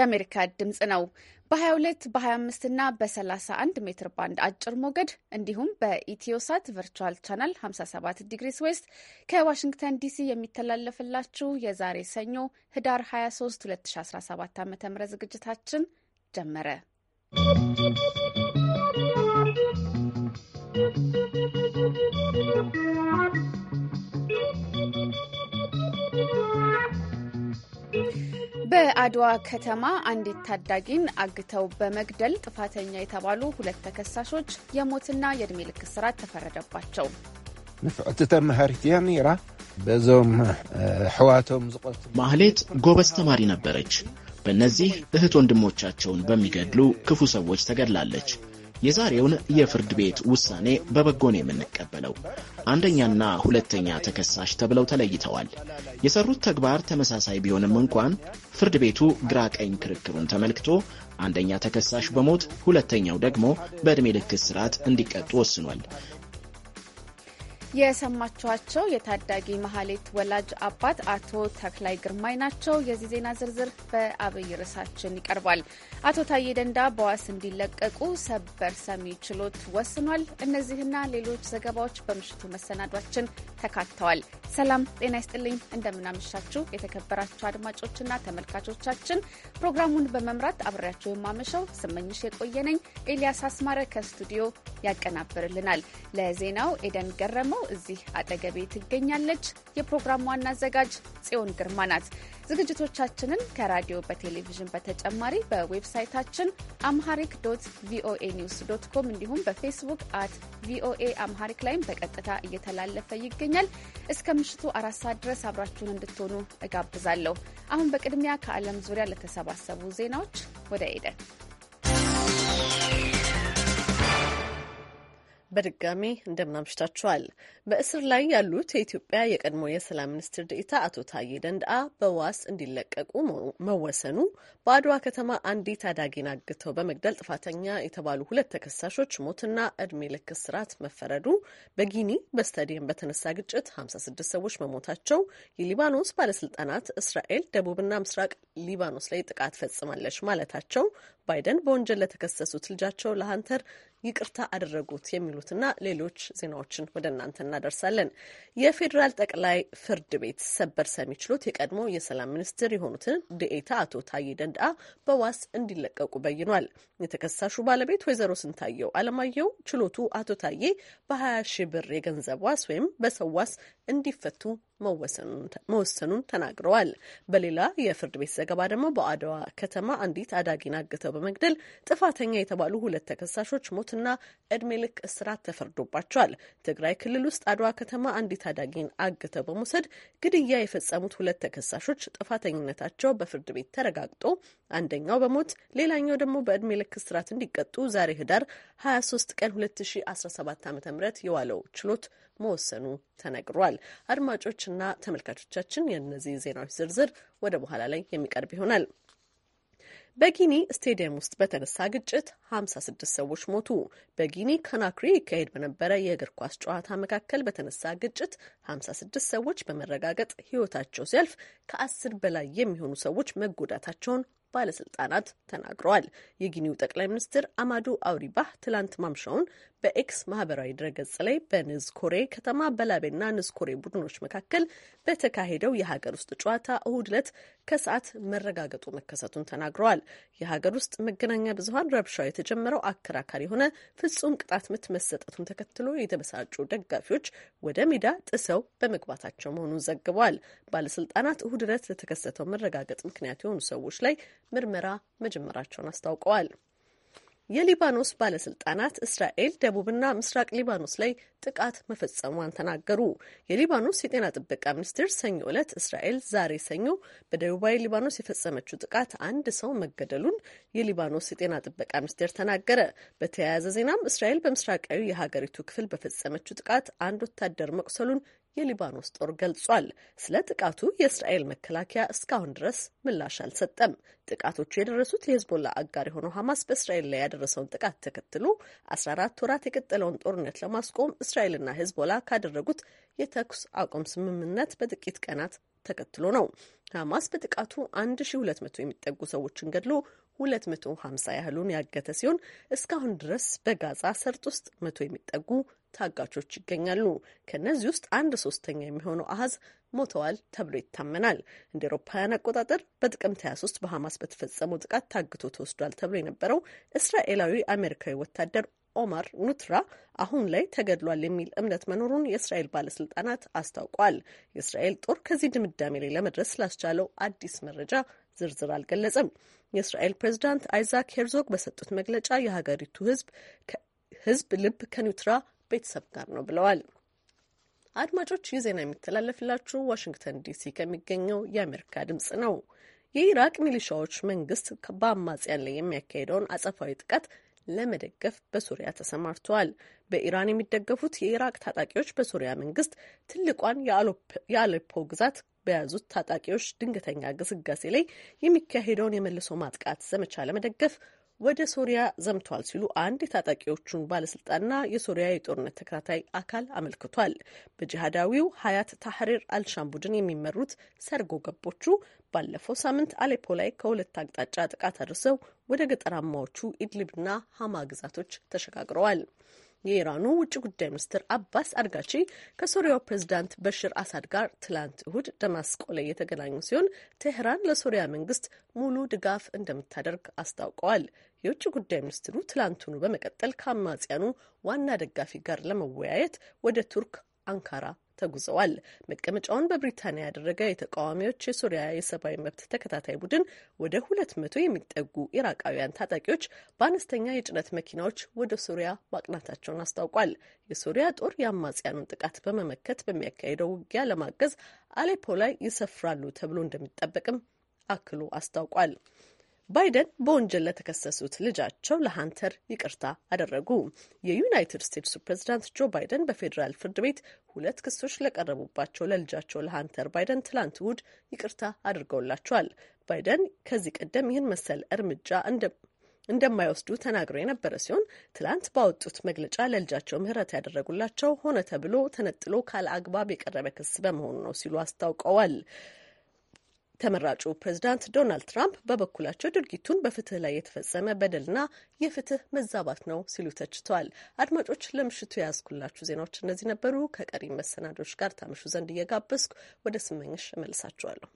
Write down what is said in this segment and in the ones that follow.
የአሜሪካ ድምፅ ነው። በ22 በ25 እና በ31 ሜትር ባንድ አጭር ሞገድ እንዲሁም በኢትዮሳት ቨርቹዋል ቻናል 57 ዲግሪስ ዌስት ከዋሽንግተን ዲሲ የሚተላለፍላችሁ የዛሬ ሰኞ ህዳር 23 2017 ዓ ም ዝግጅታችን ጀመረ። በአድዋ ከተማ አንዲት ታዳጊን አግተው በመግደል ጥፋተኛ የተባሉ ሁለት ተከሳሾች የሞትና የእድሜ ልክ እስራት ተፈረደባቸው። ንፍዕቲ እያ ነይራ በዞም ሕዋቶም ማህሌት ጎበዝ ተማሪ ነበረች። በእነዚህ እህት ወንድሞቻቸውን በሚገድሉ ክፉ ሰዎች ተገድላለች። የዛሬውን የፍርድ ቤት ውሳኔ በበጎ ነው የምንቀበለው። አንደኛና ሁለተኛ ተከሳሽ ተብለው ተለይተዋል። የሰሩት ተግባር ተመሳሳይ ቢሆንም እንኳን ፍርድ ቤቱ ግራ ቀኝ ክርክሩን ተመልክቶ አንደኛ ተከሳሽ በሞት ሁለተኛው ደግሞ በዕድሜ ልክ እስራት እንዲቀጡ ወስኗል። የሰማችኋቸው የታዳጊ መሀሌት ወላጅ አባት አቶ ተክላይ ግርማይ ናቸው። የዚህ ዜና ዝርዝር በአብይ ርዕሳችን ይቀርባል። አቶ ታዬ ደንዳ በዋስ እንዲለቀቁ ሰበር ሰሚ ችሎት ወስኗል። እነዚህና ሌሎች ዘገባዎች በምሽቱ መሰናዷችን ተካተዋል። ሰላም ጤና ይስጥልኝ። እንደምናመሻችሁ የተከበራችሁ አድማጮችና ተመልካቾቻችን፣ ፕሮግራሙን በመምራት አብሬያችሁ የማመሸው ስመኝሽ የቆየነኝ። ኤልያስ አስማረ ከስቱዲዮ ያቀናብርልናል። ለዜናው ኤደን ገረመው እዚህ አጠገቤ ትገኛለች። የፕሮግራም ዋና አዘጋጅ ጽዮን ግርማ ናት። ዝግጅቶቻችንን ከራዲዮ በቴሌቪዥን በተጨማሪ በዌብሳይታችን አምሃሪክ ዶት ቪኦኤ ኒውስ ዶት ኮም እንዲሁም በፌስቡክ አት ቪኦኤ አምሃሪክ ላይም በቀጥታ እየተላለፈ ይገኛል። እስከ ምሽቱ አራት ሰዓት ድረስ አብራችሁን እንድትሆኑ እጋብዛለሁ። አሁን በቅድሚያ ከዓለም ዙሪያ ለተሰባሰቡ ዜናዎች ወደ ኤደን በድጋሚ እንደምናምሽታችኋል። በእስር ላይ ያሉት የኢትዮጵያ የቀድሞ የሰላም ሚኒስትር ዴኤታ አቶ ታዬ ደንድአ በዋስ እንዲለቀቁ መወሰኑ፣ በአድዋ ከተማ አንዲት ታዳጊን አግተው በመግደል ጥፋተኛ የተባሉ ሁለት ተከሳሾች ሞትና እድሜ ልክ እስራት መፈረዱ፣ በጊኒ በስታዲየም በተነሳ ግጭት 56 ሰዎች መሞታቸው፣ የሊባኖስ ባለስልጣናት እስራኤል ደቡብና ምስራቅ ሊባኖስ ላይ ጥቃት ፈጽማለች ማለታቸው፣ ባይደን በወንጀል ለተከሰሱት ልጃቸው ለሀንተር ይቅርታ አደረጉት የሚሉትና ሌሎች ዜናዎችን ወደ እናንተ እናደርሳለን። የፌዴራል ጠቅላይ ፍርድ ቤት ሰበር ሰሚ ችሎት የቀድሞ የሰላም ሚኒስትር የሆኑትን ድኤታ አቶ ታዬ ደንዳ በዋስ እንዲለቀቁ በይኗል። የተከሳሹ ባለቤት ወይዘሮ ስንታየው አለማየሁ ችሎቱ አቶ ታዬ በ20 ሺህ ብር የገንዘብ ዋስ ወይም በሰው ዋስ እንዲፈቱ መወሰኑን ተናግረዋል። በሌላ የፍርድ ቤት ዘገባ ደግሞ በአድዋ ከተማ አንዲት አዳጊን አግተው በመግደል ጥፋተኛ የተባሉ ሁለት ተከሳሾች ሞትና እድሜ ልክ እስራት ተፈርዶባቸዋል። ትግራይ ክልል ውስጥ አድዋ ከተማ አንዲት አዳጊን አግተው በመውሰድ ግድያ የፈጸሙት ሁለት ተከሳሾች ጥፋተኝነታቸው በፍርድ ቤት ተረጋግጦ አንደኛው በሞት ሌላኛው ደግሞ በእድሜ ልክ እስራት እንዲቀጡ ዛሬ ህዳር 23 ቀን 2017 ዓ ም የዋለው ችሎት መወሰኑ ተነግሯል። አድማጮችና ተመልካቾቻችን የእነዚህ ዜናዎች ዝርዝር ወደ በኋላ ላይ የሚቀርብ ይሆናል። በጊኒ ስቴዲየም ውስጥ በተነሳ ግጭት 56 ሰዎች ሞቱ። በጊኒ ከናክሪ ይካሄድ በነበረ የእግር ኳስ ጨዋታ መካከል በተነሳ ግጭት 56 ሰዎች በመረጋገጥ ሕይወታቸው ሲያልፍ ከ ከ10 በላይ የሚሆኑ ሰዎች መጎዳታቸውን ባለስልጣናት ተናግረዋል። የጊኒው ጠቅላይ ሚኒስትር አማዱ አውሪባህ ትላንት ማምሻውን በኤክስ ማህበራዊ ድረገጽ ላይ በንዝ ኮሬ ከተማ በላቤና ንዝኮሬ ቡድኖች መካከል በተካሄደው የሀገር ውስጥ ጨዋታ እሁድ ዕለት ከሰዓት መረጋገጡ መከሰቱን ተናግረዋል። የሀገር ውስጥ መገናኛ ብዙኃን ረብሻው የተጀመረው አከራካሪ የሆነ ፍጹም ቅጣት ምት መሰጠቱን ተከትሎ የተበሳጩ ደጋፊዎች ወደ ሜዳ ጥሰው በመግባታቸው መሆኑን ዘግበዋል። ባለስልጣናት እሁድ ዕለት ለተከሰተው መረጋገጥ ምክንያት የሆኑ ሰዎች ላይ ምርመራ መጀመራቸውን አስታውቀዋል። የሊባኖስ ባለስልጣናት እስራኤል ደቡብና ምስራቅ ሊባኖስ ላይ ጥቃት መፈጸሟን ተናገሩ። የሊባኖስ የጤና ጥበቃ ሚኒስቴር ሰኞ ዕለት እስራኤል ዛሬ ሰኞ በደቡባዊ ሊባኖስ የፈጸመችው ጥቃት አንድ ሰው መገደሉን የሊባኖስ የጤና ጥበቃ ሚኒስቴር ተናገረ። በተያያዘ ዜናም እስራኤል በምስራቃዊ የሀገሪቱ ክፍል በፈጸመችው ጥቃት አንድ ወታደር መቁሰሉን የሊባኖስ ጦር ገልጿል። ስለ ጥቃቱ የእስራኤል መከላከያ እስካሁን ድረስ ምላሽ አልሰጠም። ጥቃቶቹ የደረሱት የህዝቦላ አጋር የሆነው ሐማስ በእስራኤል ላይ ያደረሰውን ጥቃት ተከትሎ 14 ወራት የቀጠለውን ጦርነት ለማስቆም እስራኤልና ህዝቦላ ካደረጉት የተኩስ አቁም ስምምነት በጥቂት ቀናት ተከትሎ ነው። ሐማስ በጥቃቱ 1200 የሚጠጉ ሰዎችን ገድሎ 250 ያህሉን ያገተ ሲሆን እስካሁን ድረስ በጋዛ ሰርጥ ውስጥ መቶ የሚጠጉ ታጋቾች ይገኛሉ። ከእነዚህ ውስጥ አንድ ሶስተኛ የሚሆነው አሀዝ ሞተዋል ተብሎ ይታመናል። እንደ ኤሮፓውያን አቆጣጠር በጥቅምት 23 በሐማስ በተፈጸመው ጥቃት ታግቶ ተወስዷል ተብሎ የነበረው እስራኤላዊ አሜሪካዊ ወታደር ኦማር ኑትራ አሁን ላይ ተገድሏል የሚል እምነት መኖሩን የእስራኤል ባለስልጣናት አስታውቋል። የእስራኤል ጦር ከዚህ ድምዳሜ ላይ ለመድረስ ስላስቻለው አዲስ መረጃ ዝርዝር አልገለጸም። የእስራኤል ፕሬዚዳንት አይዛክ ሄርዞግ በሰጡት መግለጫ የሀገሪቱ ህዝብ ህዝብ ልብ ከኒውትራ ቤተሰብ ጋር ነው ብለዋል። አድማጮች ይህ ዜና የሚተላለፍላችሁ ዋሽንግተን ዲሲ ከሚገኘው የአሜሪካ ድምጽ ነው። የኢራቅ ሚሊሻዎች መንግስት በአማጽያን ላይ የሚያካሄደውን አጸፋዊ ጥቃት ለመደገፍ በሱሪያ ተሰማርተዋል። በኢራን የሚደገፉት የኢራቅ ታጣቂዎች በሱሪያ መንግስት ትልቋን የአሌፖ ግዛት በያዙት ታጣቂዎች ድንገተኛ ግስጋሴ ላይ የሚካሄደውን የመልሶ ማጥቃት ዘመቻ ለመደገፍ ወደ ሶሪያ ዘምቷል ሲሉ አንድ የታጣቂዎቹን ባለስልጣንና የሶሪያ የጦርነት ተከታታይ አካል አመልክቷል። በጂሃዳዊው ሀያት ታህሪር አልሻም ቡድን የሚመሩት ሰርጎ ገቦቹ ባለፈው ሳምንት አሌፖ ላይ ከሁለት አቅጣጫ ጥቃት አድርሰው ወደ ገጠራማዎቹ ኢድሊብና ሀማ ግዛቶች ተሸጋግረዋል። የኢራኑ ውጭ ጉዳይ ሚኒስትር አባስ አድጋቺ ከሶሪያው ፕሬዝዳንት በሽር አሳድ ጋር ትላንት እሁድ ደማስቆ ላይ የተገናኙ ሲሆን ቴህራን ለሶሪያ መንግስት ሙሉ ድጋፍ እንደምታደርግ አስታውቀዋል። የውጭ ጉዳይ ሚኒስትሩ ትላንቱኑ በመቀጠል ከአማጽያኑ ዋና ደጋፊ ጋር ለመወያየት ወደ ቱርክ አንካራ ተጉዘዋል። መቀመጫውን በብሪታንያ ያደረገ የተቃዋሚዎች የሱሪያ የሰብአዊ መብት ተከታታይ ቡድን ወደ ሁለት መቶ የሚጠጉ ኢራቃውያን ታጣቂዎች በአነስተኛ የጭነት መኪናዎች ወደ ሱሪያ ማቅናታቸውን አስታውቋል። የሱሪያ ጦር የአማጽያኑን ጥቃት በመመከት በሚያካሄደው ውጊያ ለማገዝ አሌፖ ላይ ይሰፍራሉ ተብሎ እንደሚጠበቅም አክሎ አስታውቋል። ባይደን በወንጀል ለተከሰሱት ልጃቸው ለሀንተር ይቅርታ አደረጉ። የዩናይትድ ስቴትሱ ፕሬዚዳንት ጆ ባይደን በፌዴራል ፍርድ ቤት ሁለት ክሶች ለቀረቡባቸው ለልጃቸው ለሀንተር ባይደን ትላንት እሁድ ይቅርታ አድርገውላቸዋል። ባይደን ከዚህ ቀደም ይህን መሰል እርምጃ እንደማይወስዱ ተናግሮ የነበረ ሲሆን ትላንት ባወጡት መግለጫ ለልጃቸው ምህረት ያደረጉላቸው ሆነ ተብሎ ተነጥሎ ካለ አግባብ የቀረበ ክስ በመሆኑ ነው ሲሉ አስታውቀዋል። ተመራጩ ፕሬዝዳንት ዶናልድ ትራምፕ በበኩላቸው ድርጊቱን በፍትህ ላይ የተፈጸመ በደልና የፍትህ መዛባት ነው ሲሉ ተችተዋል። አድማጮች፣ ለምሽቱ የያዝኩላችሁ ዜናዎች እነዚህ ነበሩ። ከቀሪ መሰናዶች ጋር ታምሹ ዘንድ እየጋበዝኩ ወደ ስመኝሽ እመልሳችኋለሁ።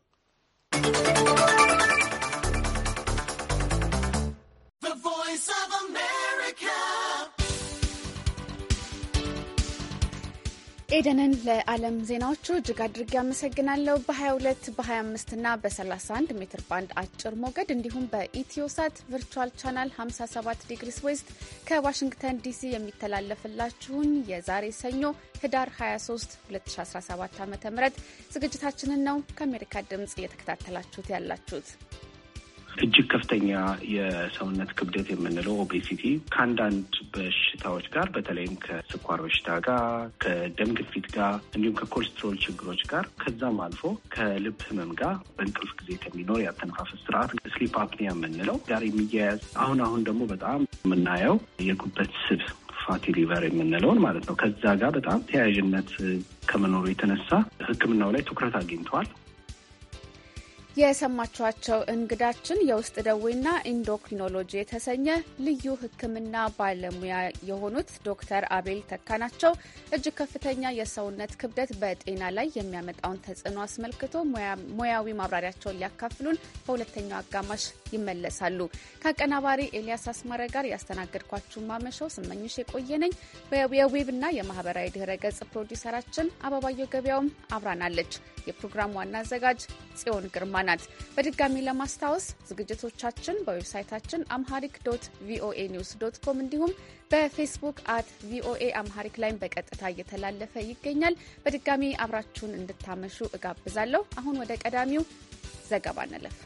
ኤደንን ለዓለም ዜናዎቹ እጅግ አድርጌ አመሰግናለሁ። በ22 በ25 እና በ31 ሜትር ባንድ አጭር ሞገድ እንዲሁም በኢትዮሳት ቨርቹዋል ቻናል 57 ዲግሪስ ዌስት ከዋሽንግተን ዲሲ የሚተላለፍላችሁን የዛሬ ሰኞ ህዳር 23 2017 ዓ ም ዝግጅታችንን ነው ከአሜሪካ ድምፅ እየተከታተላችሁት ያላችሁት። እጅግ ከፍተኛ የሰውነት ክብደት የምንለው ኦቤሲቲ ከአንዳንድ በሽታዎች ጋር በተለይም ከስኳር በሽታ ጋር፣ ከደም ግፊት ጋር እንዲሁም ከኮሌስትሮል ችግሮች ጋር ከዛም አልፎ ከልብ ህመም ጋር በእንቅልፍ ጊዜ ከሚኖር የአተነፋፈስ ስርዓት ስሊፕ አፕኒያ የምንለው ጋር የሚያያዝ አሁን አሁን ደግሞ በጣም የምናየው የጉበት ስብ ፋቲ ሊቨር የምንለውን ማለት ነው። ከዛ ጋር በጣም ተያያዥነት ከመኖሩ የተነሳ ሕክምናው ላይ ትኩረት አግኝተዋል። የሰማችኋቸው እንግዳችን የውስጥ ደዌና ኢንዶክሪኖሎጂ የተሰኘ ልዩ ሕክምና ባለሙያ የሆኑት ዶክተር አቤል ተካ ናቸው። እጅግ ከፍተኛ የሰውነት ክብደት በጤና ላይ የሚያመጣውን ተጽዕኖ አስመልክቶ ሙያዊ ማብራሪያቸውን ሊያካፍሉን በሁለተኛው አጋማሽ ይመለሳሉ። ከአቀናባሪ ኤልያስ አስማረ ጋር ያስተናገድኳችሁ ማመሻው ስመኝሽ የቆየነኝ የዌብና የማህበራዊ ድህረ ገጽ ፕሮዲውሰራችን አበባየው ገበያውም አብራናለች። የፕሮግራሙ ዋና አዘጋጅ ጽዮን ግርማ ናት። በድጋሚ ለማስታወስ ዝግጅቶቻችን በዌብሳይታችን አምሃሪክ ዶት ቪኦኤ ኒውስ ዶት ኮም እንዲሁም በፌስቡክ አት ቪኦኤ አምሃሪክ ላይም በቀጥታ እየተላለፈ ይገኛል። በድጋሚ አብራችሁን እንድታመሹ እጋብዛለሁ። አሁን ወደ ቀዳሚው ዘገባ እንለፍ።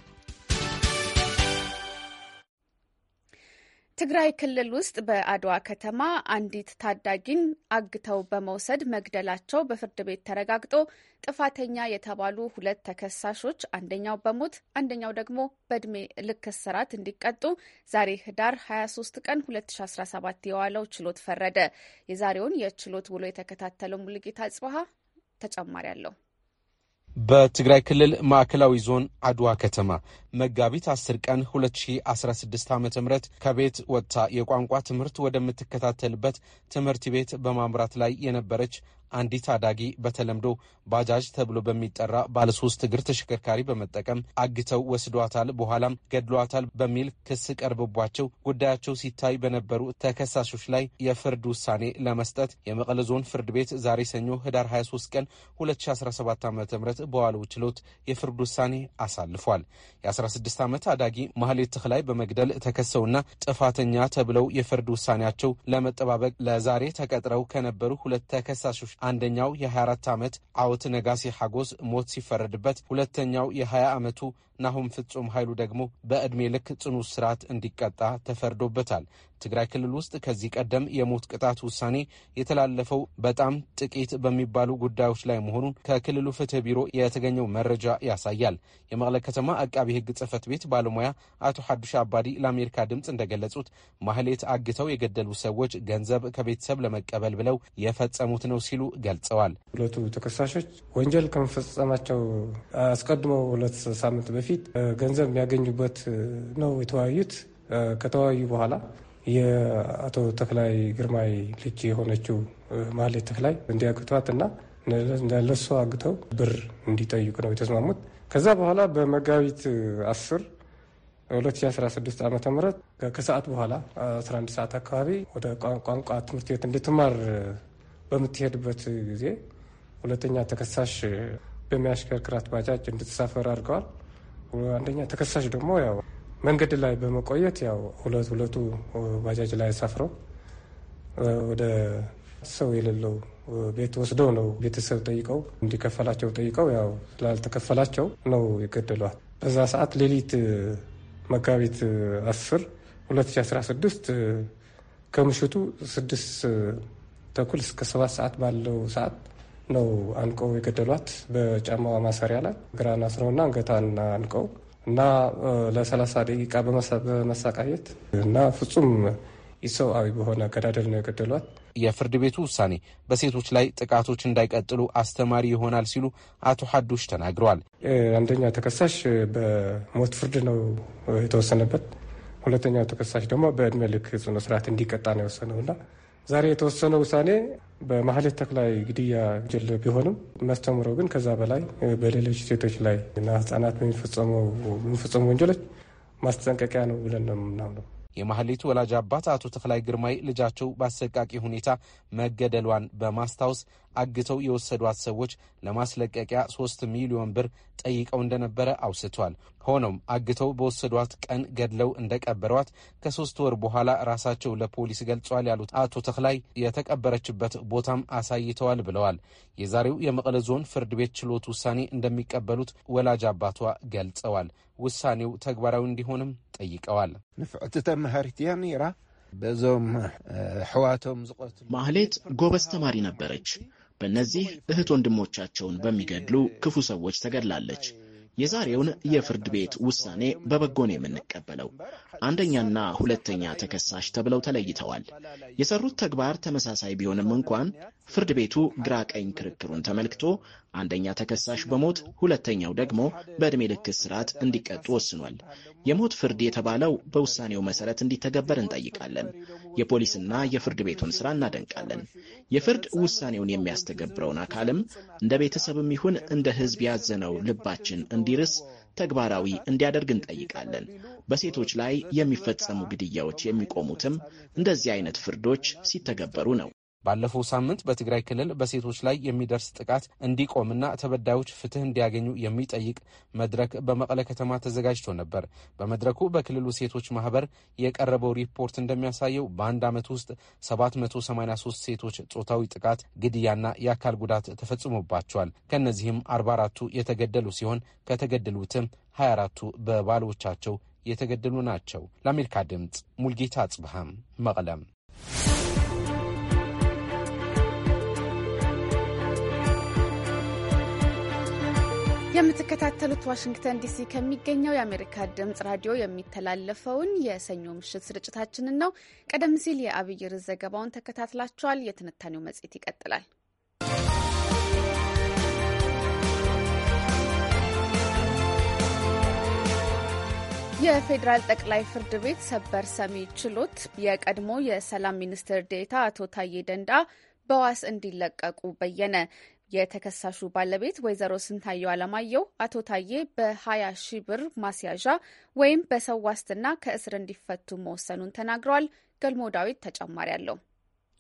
ትግራይ ክልል ውስጥ በአድዋ ከተማ አንዲት ታዳጊን አግተው በመውሰድ መግደላቸው በፍርድ ቤት ተረጋግጦ ጥፋተኛ የተባሉ ሁለት ተከሳሾች አንደኛው በሞት አንደኛው ደግሞ በእድሜ ልክ እስራት እንዲቀጡ ዛሬ ህዳር 23 ቀን 2017 የዋለው ችሎት ፈረደ። የዛሬውን የችሎት ውሎ የተከታተለው ሙልጌታ ጽበሀ ተጨማሪ አለው። በትግራይ ክልል ማዕከላዊ ዞን አድዋ ከተማ መጋቢት 10 ቀን 2016 ዓ ም ከቤት ወጥታ የቋንቋ ትምህርት ወደምትከታተልበት ትምህርት ቤት በማምራት ላይ የነበረች አንዲት ታዳጊ በተለምዶ ባጃጅ ተብሎ በሚጠራ ባለሶስት እግር ተሽከርካሪ በመጠቀም አግተው ወስዷታል፣ በኋላም ገድሏታል በሚል ክስ ቀርቦባቸው ጉዳያቸው ሲታይ በነበሩ ተከሳሾች ላይ የፍርድ ውሳኔ ለመስጠት የመቀለ ዞን ፍርድ ቤት ዛሬ ሰኞ ህዳር 23 ቀን 2017 ዓ ም በዋለው ችሎት የፍርድ ውሳኔ አሳልፏል። የ16 ዓመት አዳጊ ማህሌት ተክላይ በመግደል ተከሰውና ጥፋተኛ ተብለው የፍርድ ውሳኔያቸው ለመጠባበቅ ለዛሬ ተቀጥረው ከነበሩ ሁለት ተከሳሾች አንደኛው የ24 ዓመት አውት ነጋሴ ሐጎስ ሞት ሲፈረድበት፣ ሁለተኛው የ20 ዓመቱ ናሁም ፍጹም ኃይሉ ደግሞ በዕድሜ ልክ ጽኑ እስራት እንዲቀጣ ተፈርዶበታል። ትግራይ ክልል ውስጥ ከዚህ ቀደም የሞት ቅጣት ውሳኔ የተላለፈው በጣም ጥቂት በሚባሉ ጉዳዮች ላይ መሆኑን ከክልሉ ፍትህ ቢሮ የተገኘው መረጃ ያሳያል። የመቀለ ከተማ አቃቢ ሕግ ጽህፈት ቤት ባለሙያ አቶ ሐዱሽ አባዲ ለአሜሪካ ድምፅ እንደገለጹት ማህሌት አግተው የገደሉ ሰዎች ገንዘብ ከቤተሰብ ለመቀበል ብለው የፈጸሙት ነው ሲሉ ገልጸዋል። ሁለቱ ተከሳሾች ወንጀል ከመፈጸማቸው አስቀድሞ ሁለት ሳምንት በፊት በፊት ገንዘብ የሚያገኙበት ነው የተወያዩት። ከተወያዩ በኋላ የአቶ ተክላይ ግርማይ ልጅ የሆነችው ማህሌት ተክላይ እንዲያግቷት እና እንዳለሱ አግተው ብር እንዲጠይቁ ነው የተስማሙት። ከዛ በኋላ በመጋቢት 10 2016 ዓ ም ከሰዓት በኋላ 11 ሰዓት አካባቢ ወደ ቋንቋ ትምህርት ቤት እንድትማር በምትሄድበት ጊዜ ሁለተኛ ተከሳሽ በሚያሽከርክራት ባጃጅ እንድትሳፈር አድርገዋል። አንደኛ ተከሳሽ ደግሞ ያው መንገድ ላይ በመቆየት ያው ሁለት ሁለቱ ባጃጅ ላይ አሳፍረው ወደ ሰው የሌለው ቤት ወስደው ነው ቤተሰብ ጠይቀው እንዲከፈላቸው ጠይቀው ያው ስላልተከፈላቸው ነው የገደሏል። በዛ ሰዓት ሌሊት መጋቢት 10 2016 ከምሽቱ ስድስት ተኩል እስከ ሰባት ሰዓት ባለው ሰዓት ነው አንቀው የገደሏት በጫማዋ ማሰሪያ ላይ ግራን አስረውና አንገቷን አንቀው እና ለሰላሳ ደቂቃ በመሳቃየት እና ፍጹም ኢሰብአዊ በሆነ አገዳደል ነው የገደሏት። የፍርድ ቤቱ ውሳኔ በሴቶች ላይ ጥቃቶች እንዳይቀጥሉ አስተማሪ ይሆናል ሲሉ አቶ ሀዱሽ ተናግረዋል። አንደኛው ተከሳሽ በሞት ፍርድ ነው የተወሰነበት። ሁለተኛው ተከሳሽ ደግሞ በእድሜ ልክ ጽኑ ስርዓት እንዲቀጣ ነው የወሰነውና ዛሬ የተወሰነ ውሳኔ በማህሌት ተክላይ ግድያ ወንጀል ቢሆንም መስተምሮ ግን ከዛ በላይ በሌሎች ሴቶች ላይ እና ህጻናት በሚፈጸሙ ወንጀሎች ማስጠንቀቂያ ነው ብለን ነው የምናምነው። የማህሌቱ ወላጅ አባት አቶ ተክላይ ግርማይ ልጃቸው በአሰቃቂ ሁኔታ መገደሏን በማስታወስ አግተው የወሰዷት ሰዎች ለማስለቀቂያ ሶስት ሚሊዮን ብር ጠይቀው እንደነበረ አውስቷል። ሆኖም አግተው በወሰዷት ቀን ገድለው እንደቀበሯት ከሶስት ወር በኋላ ራሳቸው ለፖሊስ ገልጿል ያሉት አቶ ተክላይ የተቀበረችበት ቦታም አሳይተዋል ብለዋል። የዛሬው የመቀለ ዞን ፍርድ ቤት ችሎት ውሳኔ እንደሚቀበሉት ወላጅ አባቷ ገልጸዋል። ውሳኔው ተግባራዊ እንዲሆንም ጠይቀዋል። ንፍዕቲ ተመሃሪት እያ ነይራ በዞም ሕዋቶም ዝቆት ማህሌት ጎበዝ ተማሪ ነበረች። በእነዚህ እህት ወንድሞቻቸውን በሚገድሉ ክፉ ሰዎች ተገድላለች። የዛሬውን የፍርድ ቤት ውሳኔ በበጎ ነው የምንቀበለው። አንደኛና ሁለተኛ ተከሳሽ ተብለው ተለይተዋል። የሰሩት ተግባር ተመሳሳይ ቢሆንም እንኳን ፍርድ ቤቱ ግራ ቀኝ ክርክሩን ተመልክቶ አንደኛ ተከሳሽ በሞት ሁለተኛው ደግሞ በዕድሜ ልክ እስራት እንዲቀጡ ወስኗል። የሞት ፍርድ የተባለው በውሳኔው መሰረት እንዲተገበር እንጠይቃለን። የፖሊስና የፍርድ ቤቱን ስራ እናደንቃለን። የፍርድ ውሳኔውን የሚያስተገብረውን አካልም እንደ ቤተሰብም ይሁን እንደ ሕዝብ ያዘነው ልባችን እንዲርስ ተግባራዊ እንዲያደርግ እንጠይቃለን። በሴቶች ላይ የሚፈጸሙ ግድያዎች የሚቆሙትም እንደዚህ አይነት ፍርዶች ሲተገበሩ ነው። ባለፈው ሳምንት በትግራይ ክልል በሴቶች ላይ የሚደርስ ጥቃት እንዲቆምና ተበዳዮች ፍትህ እንዲያገኙ የሚጠይቅ መድረክ በመቀለ ከተማ ተዘጋጅቶ ነበር። በመድረኩ በክልሉ ሴቶች ማህበር የቀረበው ሪፖርት እንደሚያሳየው በአንድ ዓመት ውስጥ 783 ሴቶች ጾታዊ ጥቃት፣ ግድያና የአካል ጉዳት ተፈጽሞባቸዋል። ከእነዚህም 44ቱ የተገደሉ ሲሆን ከተገደሉትም 24ቱ በባሎቻቸው የተገደሉ ናቸው። ለአሜሪካ ድምፅ ሙልጌታ አጽብሃም መቀለም የምትከታተሉት ዋሽንግተን ዲሲ ከሚገኘው የአሜሪካ ድምጽ ራዲዮ የሚተላለፈውን የሰኞ ምሽት ስርጭታችንን ነው። ቀደም ሲል የአብይ ርዕስ ዘገባውን ተከታትላችኋል። የትንታኔው መጽሔት ይቀጥላል። የፌዴራል ጠቅላይ ፍርድ ቤት ሰበር ሰሚ ችሎት የቀድሞ የሰላም ሚኒስትር ዴታ አቶ ታዬ ደንዳ በዋስ እንዲለቀቁ በየነ። የተከሳሹ ባለቤት ወይዘሮ ስንታየው አለማየሁ አቶ ታዬ በ20 ሺ ብር ማስያዣ ወይም በሰው ዋስትና ከእስር እንዲፈቱ መወሰኑን ተናግረዋል። ገልሞ ዳዊት ተጨማሪ አለው።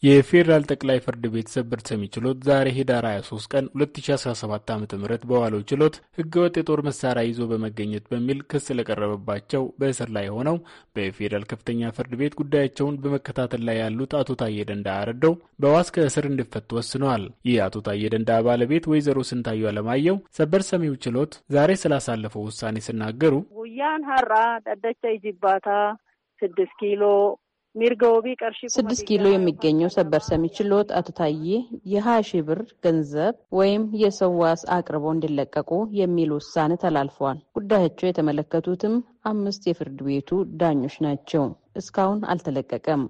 የፌዴራል ጠቅላይ ፍርድ ቤት ሰበር ሰሚ ችሎት ዛሬ ኅዳር 23 ቀን 2017 ዓ ም በዋለው ችሎት ህገወጥ የጦር መሳሪያ ይዞ በመገኘት በሚል ክስ ለቀረበባቸው በእስር ላይ ሆነው በፌዴራል ከፍተኛ ፍርድ ቤት ጉዳያቸውን በመከታተል ላይ ያሉት አቶ ታዬ ደንዳ ረደው በዋስ ከእስር እንዲፈቱ ወስነዋል። ይህ አቶ ታዬ ደንዳ ባለቤት ወይዘሮ ስንታዩ አለማየው ሰበር ሰሚው ችሎት ዛሬ ስላሳለፈው ውሳኔ ሲናገሩ ጉያን ሀራ ደደቻ ይጅባታ ስድስት ኪሎ ስድስት ኪሎ የሚገኘው ሰበር ሰሚ ችሎት አቶ ታዬ የሀያ ሺህ ብር ገንዘብ ወይም የሰው ዋስ አቅርበው እንዲለቀቁ የሚል ውሳኔ ተላልፈዋል። ጉዳያቸው የተመለከቱትም አምስት የፍርድ ቤቱ ዳኞች ናቸው። እስካሁን አልተለቀቀም።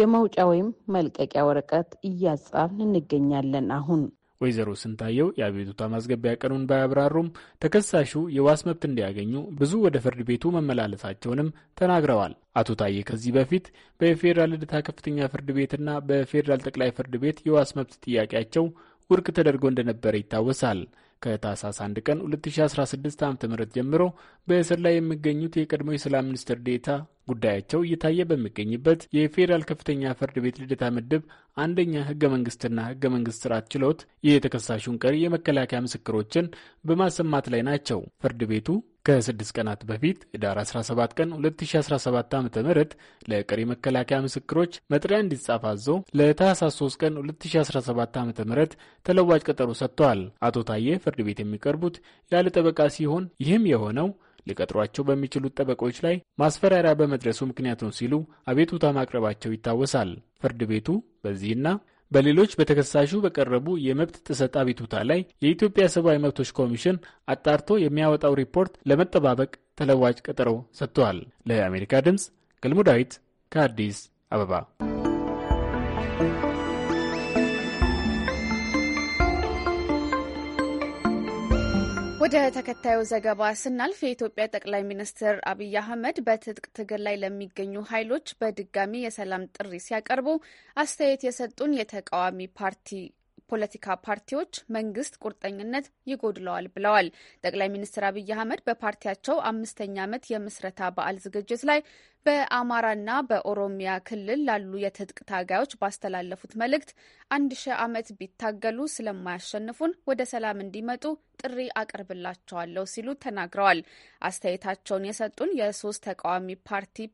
የመውጫ ወይም መልቀቂያ ወረቀት እያጻፍን እንገኛለን። አሁን ወይዘሮ ስንታየው የአቤቱታ ማስገቢያ ቀኑን ባያብራሩም ተከሳሹ የዋስ መብት እንዲያገኙ ብዙ ወደ ፍርድ ቤቱ መመላለሳቸውንም ተናግረዋል። አቶ ታዬ ከዚህ በፊት በፌዴራል ልደታ ከፍተኛ ፍርድ ቤትና በፌዴራል ጠቅላይ ፍርድ ቤት የዋስ መብት ጥያቄያቸው ውድቅ ተደርጎ እንደነበረ ይታወሳል። ከታህሳስ 1 ቀን 2016 ዓ.ም ጀምሮ በእስር ላይ የሚገኙት የቀድሞ የሰላም ሚኒስትር ዴታ ጉዳያቸው እየታየ በሚገኝበት የፌዴራል ከፍተኛ ፍርድ ቤት ልደታ ምድብ አንደኛ ህገ መንግስትና ህገ መንግስት ስርዓት ችሎት የተከሳሹን ቀሪ የመከላከያ ምስክሮችን በማሰማት ላይ ናቸው። ፍርድ ቤቱ ከስድስት ቀናት በፊት ህዳር 17 ቀን 2017 ዓ ም ለቀሪ መከላከያ ምስክሮች መጥሪያ እንዲጻፍ አዞ ለታህሳስ 3 ቀን 2017 ዓ ም ተለዋጭ ቀጠሮ ሰጥቷል። አቶ ታዬ ፍርድ ቤት የሚቀርቡት ያለ ጠበቃ ሲሆን ይህም የሆነው ሊቀጥሯቸው በሚችሉት ጠበቆች ላይ ማስፈራሪያ በመድረሱ ምክንያት ነው ሲሉ አቤቱታ ማቅረባቸው ይታወሳል። ፍርድ ቤቱ በዚህና በሌሎች በተከሳሹ በቀረቡ የመብት ጥሰት አቤቱታ ላይ የኢትዮጵያ ሰብአዊ መብቶች ኮሚሽን አጣርቶ የሚያወጣው ሪፖርት ለመጠባበቅ ተለዋጭ ቀጠሮ ሰጥቷል። ለአሜሪካ ድምፅ ገልሞ ዳዊት ከአዲስ አበባ ወደ ተከታዩ ዘገባ ስናልፍ የኢትዮጵያ ጠቅላይ ሚኒስትር አብይ አህመድ በትጥቅ ትግል ላይ ለሚገኙ ኃይሎች በድጋሚ የሰላም ጥሪ ሲያቀርቡ አስተያየት የሰጡን የተቃዋሚ ፓርቲ ፖለቲካ ፓርቲዎች መንግስት ቁርጠኝነት ይጎድለዋል ብለዋል። ጠቅላይ ሚኒስትር አብይ አህመድ በፓርቲያቸው አምስተኛ ዓመት የምስረታ በዓል ዝግጅት ላይ በአማራና በኦሮሚያ ክልል ላሉ የትጥቅ ታጋዮች ባስተላለፉት መልእክት አንድ ሺህ ዓመት ቢታገሉ ስለማያሸንፉን ወደ ሰላም እንዲመጡ ጥሪ አቅርብላቸዋለሁ ሲሉ ተናግረዋል። አስተያየታቸውን የሰጡን የሶስት ተቃዋሚ ፓርቲ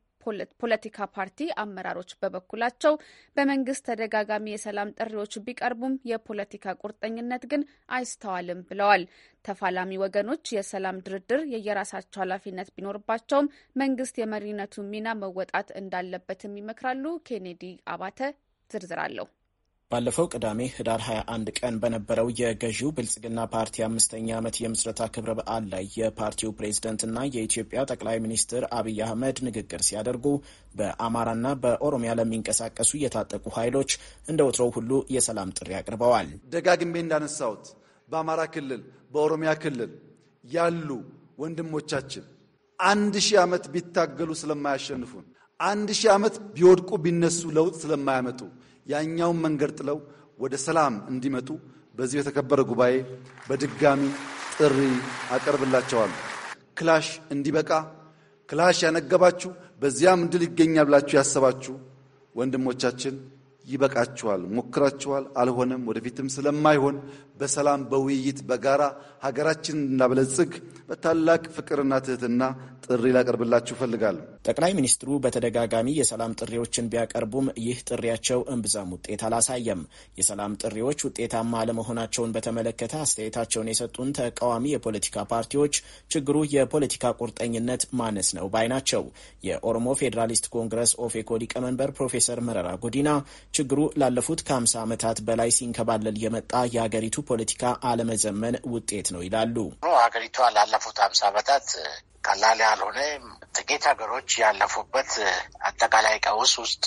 ፖለቲካ ፓርቲ አመራሮች በበኩላቸው በመንግስት ተደጋጋሚ የሰላም ጥሪዎች ቢቀርቡም የፖለቲካ ቁርጠኝነት ግን አይስተዋልም ብለዋል። ተፋላሚ ወገኖች የሰላም ድርድር የየራሳቸው ኃላፊነት ቢኖርባቸውም መንግስት የመሪነቱ ሚና መወጣት እንዳለበትም ይመክራሉ። ኬኔዲ አባተ ዝርዝር አለው። ባለፈው ቅዳሜ ህዳር 21 ቀን በነበረው የገዢው ብልጽግና ፓርቲ አምስተኛ ዓመት የምስረታ ክብረ በዓል ላይ የፓርቲው ፕሬዝደንትና የኢትዮጵያ ጠቅላይ ሚኒስትር አብይ አህመድ ንግግር ሲያደርጉ በአማራና በኦሮሚያ ለሚንቀሳቀሱ የታጠቁ ኃይሎች እንደ ወትሮው ሁሉ የሰላም ጥሪ አቅርበዋል። ደጋግሜ እንዳነሳሁት በአማራ ክልል፣ በኦሮሚያ ክልል ያሉ ወንድሞቻችን አንድ ሺህ ዓመት ቢታገሉ ስለማያሸንፉን አንድ ሺህ ዓመት ቢወድቁ ቢነሱ ለውጥ ስለማያመጡ ያኛውን መንገድ ጥለው ወደ ሰላም እንዲመጡ በዚህ በተከበረ ጉባኤ በድጋሚ ጥሪ አቀርብላቸዋል። ክላሽ እንዲበቃ ክላሽ ያነገባችሁ በዚያም ድል ይገኛል ብላችሁ ያሰባችሁ ወንድሞቻችን ይበቃችኋል፣ ሞክራችኋል፣ አልሆነም፣ ወደፊትም ስለማይሆን በሰላም በውይይት በጋራ ሀገራችን እንዳበለጽግ በታላቅ ፍቅርና ትህትና ጥሪ ላቀርብላችሁ እፈልጋለሁ። ጠቅላይ ሚኒስትሩ በተደጋጋሚ የሰላም ጥሪዎችን ቢያቀርቡም ይህ ጥሪያቸው እምብዛም ውጤት አላሳየም። የሰላም ጥሪዎች ውጤታማ አለመሆናቸውን በተመለከተ አስተያየታቸውን የሰጡን ተቃዋሚ የፖለቲካ ፓርቲዎች ችግሩ የፖለቲካ ቁርጠኝነት ማነስ ነው ባይ ናቸው። የኦሮሞ ፌዴራሊስት ኮንግረስ ኦፌኮ ሊቀመንበር ፕሮፌሰር መረራ ጉዲና ችግሩ ላለፉት ከ50 ዓመታት በላይ ሲንከባለል የመጣ የሀገሪቱ ፖለቲካ አለመዘመን ውጤት ነው ይላሉ። ሀገሪቷ ላለፉት 50 ዓመታት ቀላል ያልሆነ ጥቂት ሀገሮች ያለፉበት አጠቃላይ ቀውስ ውስጥ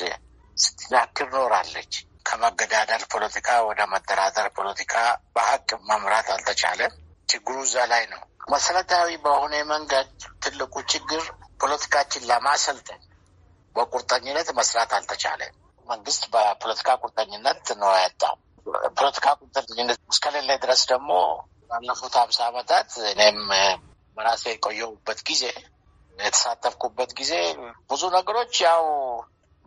ስትናክር ኖራለች። ከመገዳደል ፖለቲካ ወደ መደራደር ፖለቲካ በሀቅ መምራት አልተቻለም። ችግሩ እዛ ላይ ነው። መሰረታዊ በሆነ መንገድ ትልቁ ችግር ፖለቲካችን ለማሰልጠን በቁርጠኝነት መስራት አልተቻለም። መንግስት በፖለቲካ ቁርጠኝነት ነው ያጣው። ፖለቲካ ቁርጠኝነት እስከሌለ ድረስ ደግሞ ባለፉት ሀምሳ ዓመታት እኔም በራሴ የቆየሁበት ጊዜ የተሳተፍኩበት ጊዜ ብዙ ነገሮች ያው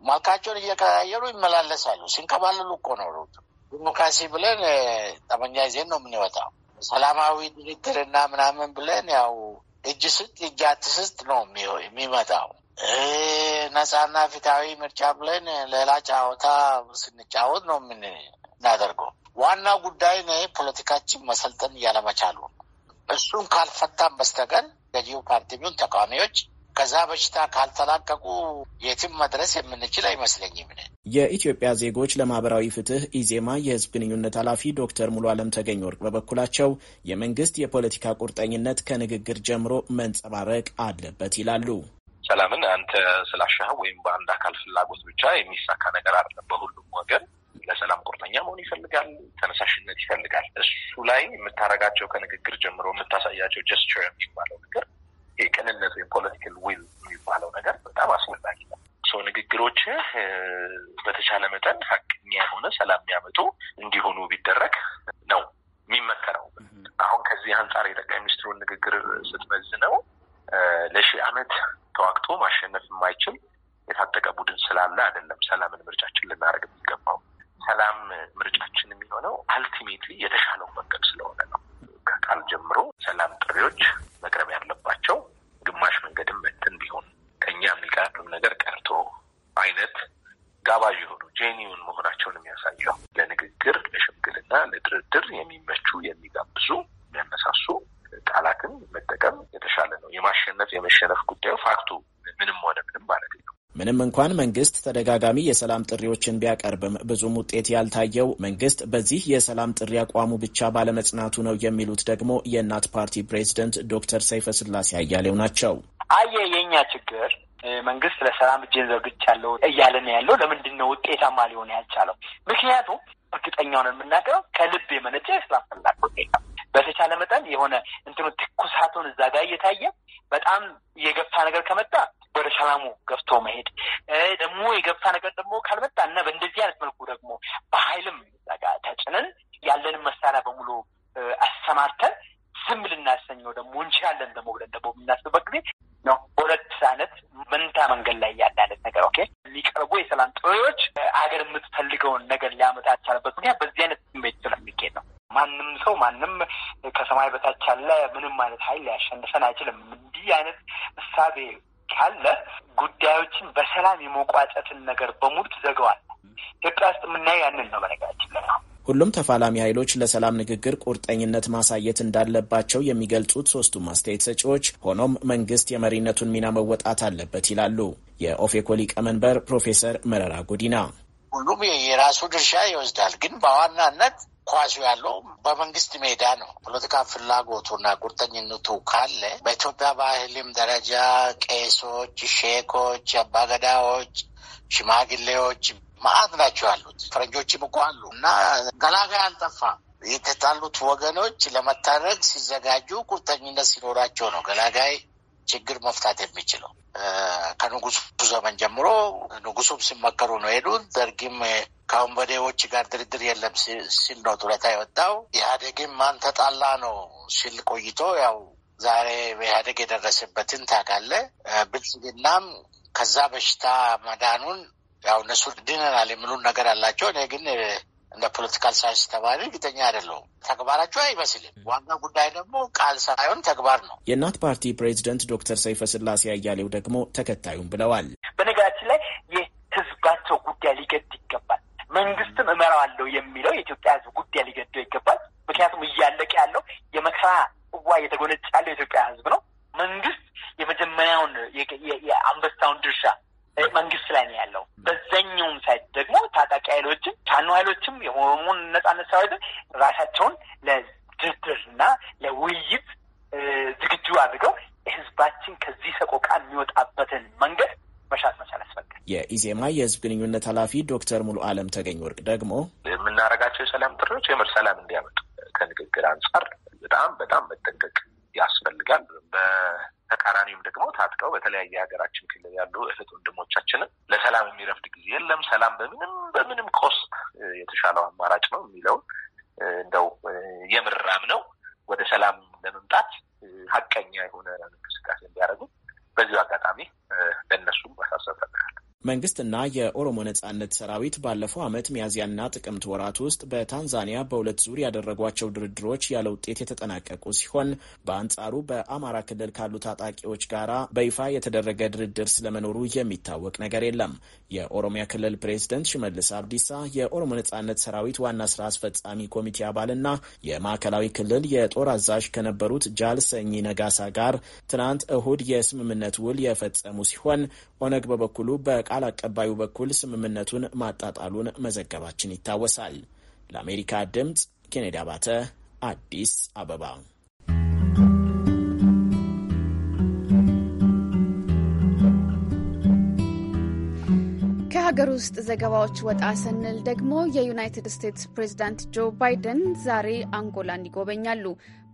መልካቸውን እየቀያየሩ ይመላለሳሉ። ሲንከባለሉ እኮ ነው። ዲሞክራሲ ብለን ጠመንጃ ይዘን ነው የምንወጣው። ሰላማዊ ድርድርና ምናምን ብለን ያው እጅ ስጥ እጅ አትስጥ ነው የሚመጣው። ነጻና ፊታዊ ምርጫ ብለን ሌላ ጫወታ ስንጫወት ነው የምናደርገው። ዋና ጉዳይ ነ ፖለቲካችን መሰልጠን እያለመቻሉ እሱን ካልፈታን በስተቀር ገዢው ቢሆን ተቃዋሚዎች ከዛ በሽታ ካልተላቀቁ የትም መድረስ የምንችል አይመስለኝም። የኢትዮጵያ ዜጎች ለማህበራዊ ፍትህ ኢዜማ የህዝብ ግንኙነት ኃላፊ ዶክተር ሙሉ አለም ተገኝ ወርቅ በበኩላቸው የመንግስት የፖለቲካ ቁርጠኝነት ከንግግር ጀምሮ መንጸባረቅ አለበት ይላሉ። ሰላምን አንተ ስላሻህ ወይም በአንድ አካል ፍላጎት ብቻ የሚሳካ ነገር አይደለም። በሁሉም ወገን ለሰላም ቁርጠኛ መሆን ይፈልጋል፣ ተነሳሽነት ይፈልጋል። እሱ ላይ የምታረጋቸው ከንግግር ጀምሮ የምታሳያቸው ጀስቸር የሚባለው ነገር የቅንነት ወይም ፖለቲካል ዊል የሚባለው ነገር በጣም አስፈላጊ ነው። ሰው ንግግሮች በተቻለ መጠን ሀቅኛ የሆነ ሰላም የሚያመጡ እንዲሆኑ ቢደረግ ነው የሚመከረው። አሁን ከዚህ አንጻር የጠቅላይ ሚኒስትሩን ንግግር ስትመዝነው ለሺህ ዓመት ተዋግቶ ማሸነፍ የማይችል የታጠቀ ቡድን ስላለ አይደለም ሰላምን ምርጫችን ልናደርግ የሚገባው። ሰላም ምርጫችን የሚሆነው አልቲሜትሊ የተሻለው መንገድ ስለሆነ ነው። ከቃል ጀምሮ ሰላም ጥሪዎች መቅረብ ያለባቸው ግማሽ መንገድም መትን ቢሆን ከኛ የሚቀርብም ነገር ቀርቶ አይነት ጋባዥ የሆኑ ጄኒውን መሆናቸውን የሚያሳየው ለንግግር፣ ለሽምግልና፣ ለድርድር የሚመቹ የሚጋብዙ የሚያነሳሱ ቃላትን መጠቀም የተሻለ ነው። የማሸነፍ የመሸነፍ ጉዳዩ ፋክቱ ምንም ሆነ ምንም ማለት ነው። ምንም እንኳን መንግስት ተደጋጋሚ የሰላም ጥሪዎችን ቢያቀርብም ብዙም ውጤት ያልታየው መንግስት በዚህ የሰላም ጥሪ አቋሙ ብቻ ባለመጽናቱ ነው የሚሉት ደግሞ የእናት ፓርቲ ፕሬዚደንት ዶክተር ሰይፈ ስላሴ አያሌው ናቸው። አየ የእኛ ችግር መንግስት ለሰላም እጅን ዘርግቻለሁ እያለ ያለው። ለምንድን ነው ውጤታማ ሊሆን ያልቻለው? ምክንያቱም እርግጠኛውን የምናገረው ከልብ የመነጨ የሰላም ፈላጎት የለም። በተቻለ መጠን የሆነ እንትኑ ትኩሳቱን እዛ ጋር እየታየ በጣም የገፋ ነገር ከመጣ ወደ ሰላሙ ገፍቶ መሄድ ደግሞ የገፋ ነገር ደግሞ ካልመጣ እና በእንደዚህ አይነት መልኩ ደግሞ በኃይልም ተጭነን ያለንን መሳሪያ በሙሉ አሰማርተን ዝም ልናሰኘው ደግሞ እንችላለን ደግሞ ብለን ደግሞ የምናስብበት ጊዜ ነው። በሁለት አይነት መንታ መንገድ ላይ ያለ አይነት ነገር ኦኬ የሚቀርቡ የሰላም ጥሪዎች አገር የምትፈልገውን ነገር ሊያመጣ ያቻለበት ምክንያት በዚህ አይነት ስሜት ስለሚገኝ ነው። ማንም ሰው ማንም ከሰማይ በታች ያለ ምንም አይነት ኃይል ሊያሸንፈን አይችልም። እንዲህ አይነት እሳቤ ካለ ጉዳዮችን በሰላም የመቋጨትን ነገር በሙሉ ትዘገዋል። ኢትዮጵያ ውስጥ የምናየው ያንን ነው። በነገራችን ላይ ሁሉም ተፋላሚ ኃይሎች ለሰላም ንግግር ቁርጠኝነት ማሳየት እንዳለባቸው የሚገልጹት ሶስቱም አስተያየት ሰጪዎች፣ ሆኖም መንግስት የመሪነቱን ሚና መወጣት አለበት ይላሉ። የኦፌኮ ሊቀመንበር ፕሮፌሰር መረራ ጉዲና ሁሉም የራሱ ድርሻ ይወስዳል፣ ግን በዋናነት ኳሱ ያለው በመንግስት ሜዳ ነው። ፖለቲካ ፍላጎቱና ቁርጠኝነቱ ካለ በኢትዮጵያ ባህልም ደረጃ ቄሶች፣ ሼኮች፣ አባገዳዎች፣ ሽማግሌዎች ማአት ናቸው ያሉት። ፈረንጆችም እኮ አሉ እና ገላጋይ አልጠፋም። የተጣሉት ወገኖች ለመታረግ ሲዘጋጁ ቁርጠኝነት ሲኖራቸው ነው ገላጋይ ችግር መፍታት የሚችለው ከንጉሱ ዘመን ጀምሮ ንጉሱም ሲመከሩ ነው ሄዱት። ደርግም ከአሁን ወዲያዎች ጋር ድርድር የለም ሲል ነው ጡረታ የወጣው። ኢህአዴግም ማን ተጣላ ነው ሲል ቆይቶ ያው ዛሬ በኢህአዴግ የደረሰበትን ታውቃለህ። ብልጽግናም ከዛ በሽታ መዳኑን ያው እነሱ ድነናል የሚሉን ነገር አላቸው። እኔ ግን እንደ ፖለቲካል ሳይንስ ተማሪ እርግጠኛ አይደለሁም። ተግባራቸው አይመስልም። ዋና ጉዳይ ደግሞ ቃል ሳይሆን ተግባር ነው። የእናት ፓርቲ ፕሬዚደንት ዶክተር ሰይፈ ስላሴ አያሌው ደግሞ ተከታዩም ብለዋል። በነገራችን ላይ የህዝባቸው ጉዳይ ሊገድ ይገባል። መንግስትም እመራዋለሁ የሚለው የኢትዮጵያ ህዝብ ጉዳይ ሊገደው ይገባል። ምክንያቱም እያለቀ ያለው የመከራ እዋ እየተጎነጨ ያለው የኢትዮጵያ ህዝብ ነው። መንግስት የመጀመሪያውን የአንበሳውን ድርሻ መንግስት ላይ ነው ያለው። በዘኛውም ሳይት ደግሞ ታጣቂ ኃይሎችም ፋኖ ኃይሎችም የኦሮሞን ነጻነት ሰራዊት ራሳቸውን ለድርድርና ለውይይት ዝግጁ አድርገው ህዝባችን ከዚህ ሰቆቃ የሚወጣበትን መንገድ መሻት መቻል ያስፈልጋል። የኢዜማ የህዝብ ግንኙነት ኃላፊ ዶክተር ሙሉ አለም ተገኝ ወርቅ ደግሞ የምናደርጋቸው የሰላም ጥሪዎች የምር ሰላም እንዲያመጡ ከንግግር አንጻር በጣም በጣም መጠንቀቅ ያስፈልጋል። ተቃራኒውም ደግሞ ታጥቀው በተለያየ ሀገራችን ክልል ያሉ እህት ወንድሞቻችንን ለሰላም የሚረፍድ ጊዜ የለም፣ ሰላም በምንም በምንም ኮስት የተሻለው አማራጭ ነው የሚለውን እንደው የምራም ነው ወደ ሰላም ለመምጣት ሀቀኛ የሆነ እንቅስቃሴ እንዲያደርጉ በዚሁ አጋጣሚ ለእነሱም ማሳሰብ ፈልጋለሁ። መንግስትና የኦሮሞ ነጻነት ሰራዊት ባለፈው ዓመት ሚያዝያና ጥቅምት ወራት ውስጥ በታንዛኒያ በሁለት ዙር ያደረጓቸው ድርድሮች ያለ ውጤት የተጠናቀቁ ሲሆን በአንጻሩ በአማራ ክልል ካሉ ታጣቂዎች ጋራ በይፋ የተደረገ ድርድር ስለመኖሩ የሚታወቅ ነገር የለም። የኦሮሚያ ክልል ፕሬዝደንት ሽመልስ አብዲሳ የኦሮሞ ነጻነት ሰራዊት ዋና ስራ አስፈጻሚ ኮሚቴ አባልና የማዕከላዊ ክልል የጦር አዛዥ ከነበሩት ጃል ሰኚ ነጋሳ ጋር ትናንት እሁድ የስምምነት ውል የፈጸሙ ሲሆን ኦነግ በበኩሉ በቃል አቀባዩ በኩል ስምምነቱን ማጣጣሉን መዘገባችን ይታወሳል። ለአሜሪካ ድምፅ ኬኔዲ አባተ አዲስ አበባ ሀገር ውስጥ ዘገባዎች ወጣ ስንል ደግሞ የዩናይትድ ስቴትስ ፕሬዚዳንት ጆ ባይደን ዛሬ አንጎላን ይጎበኛሉ።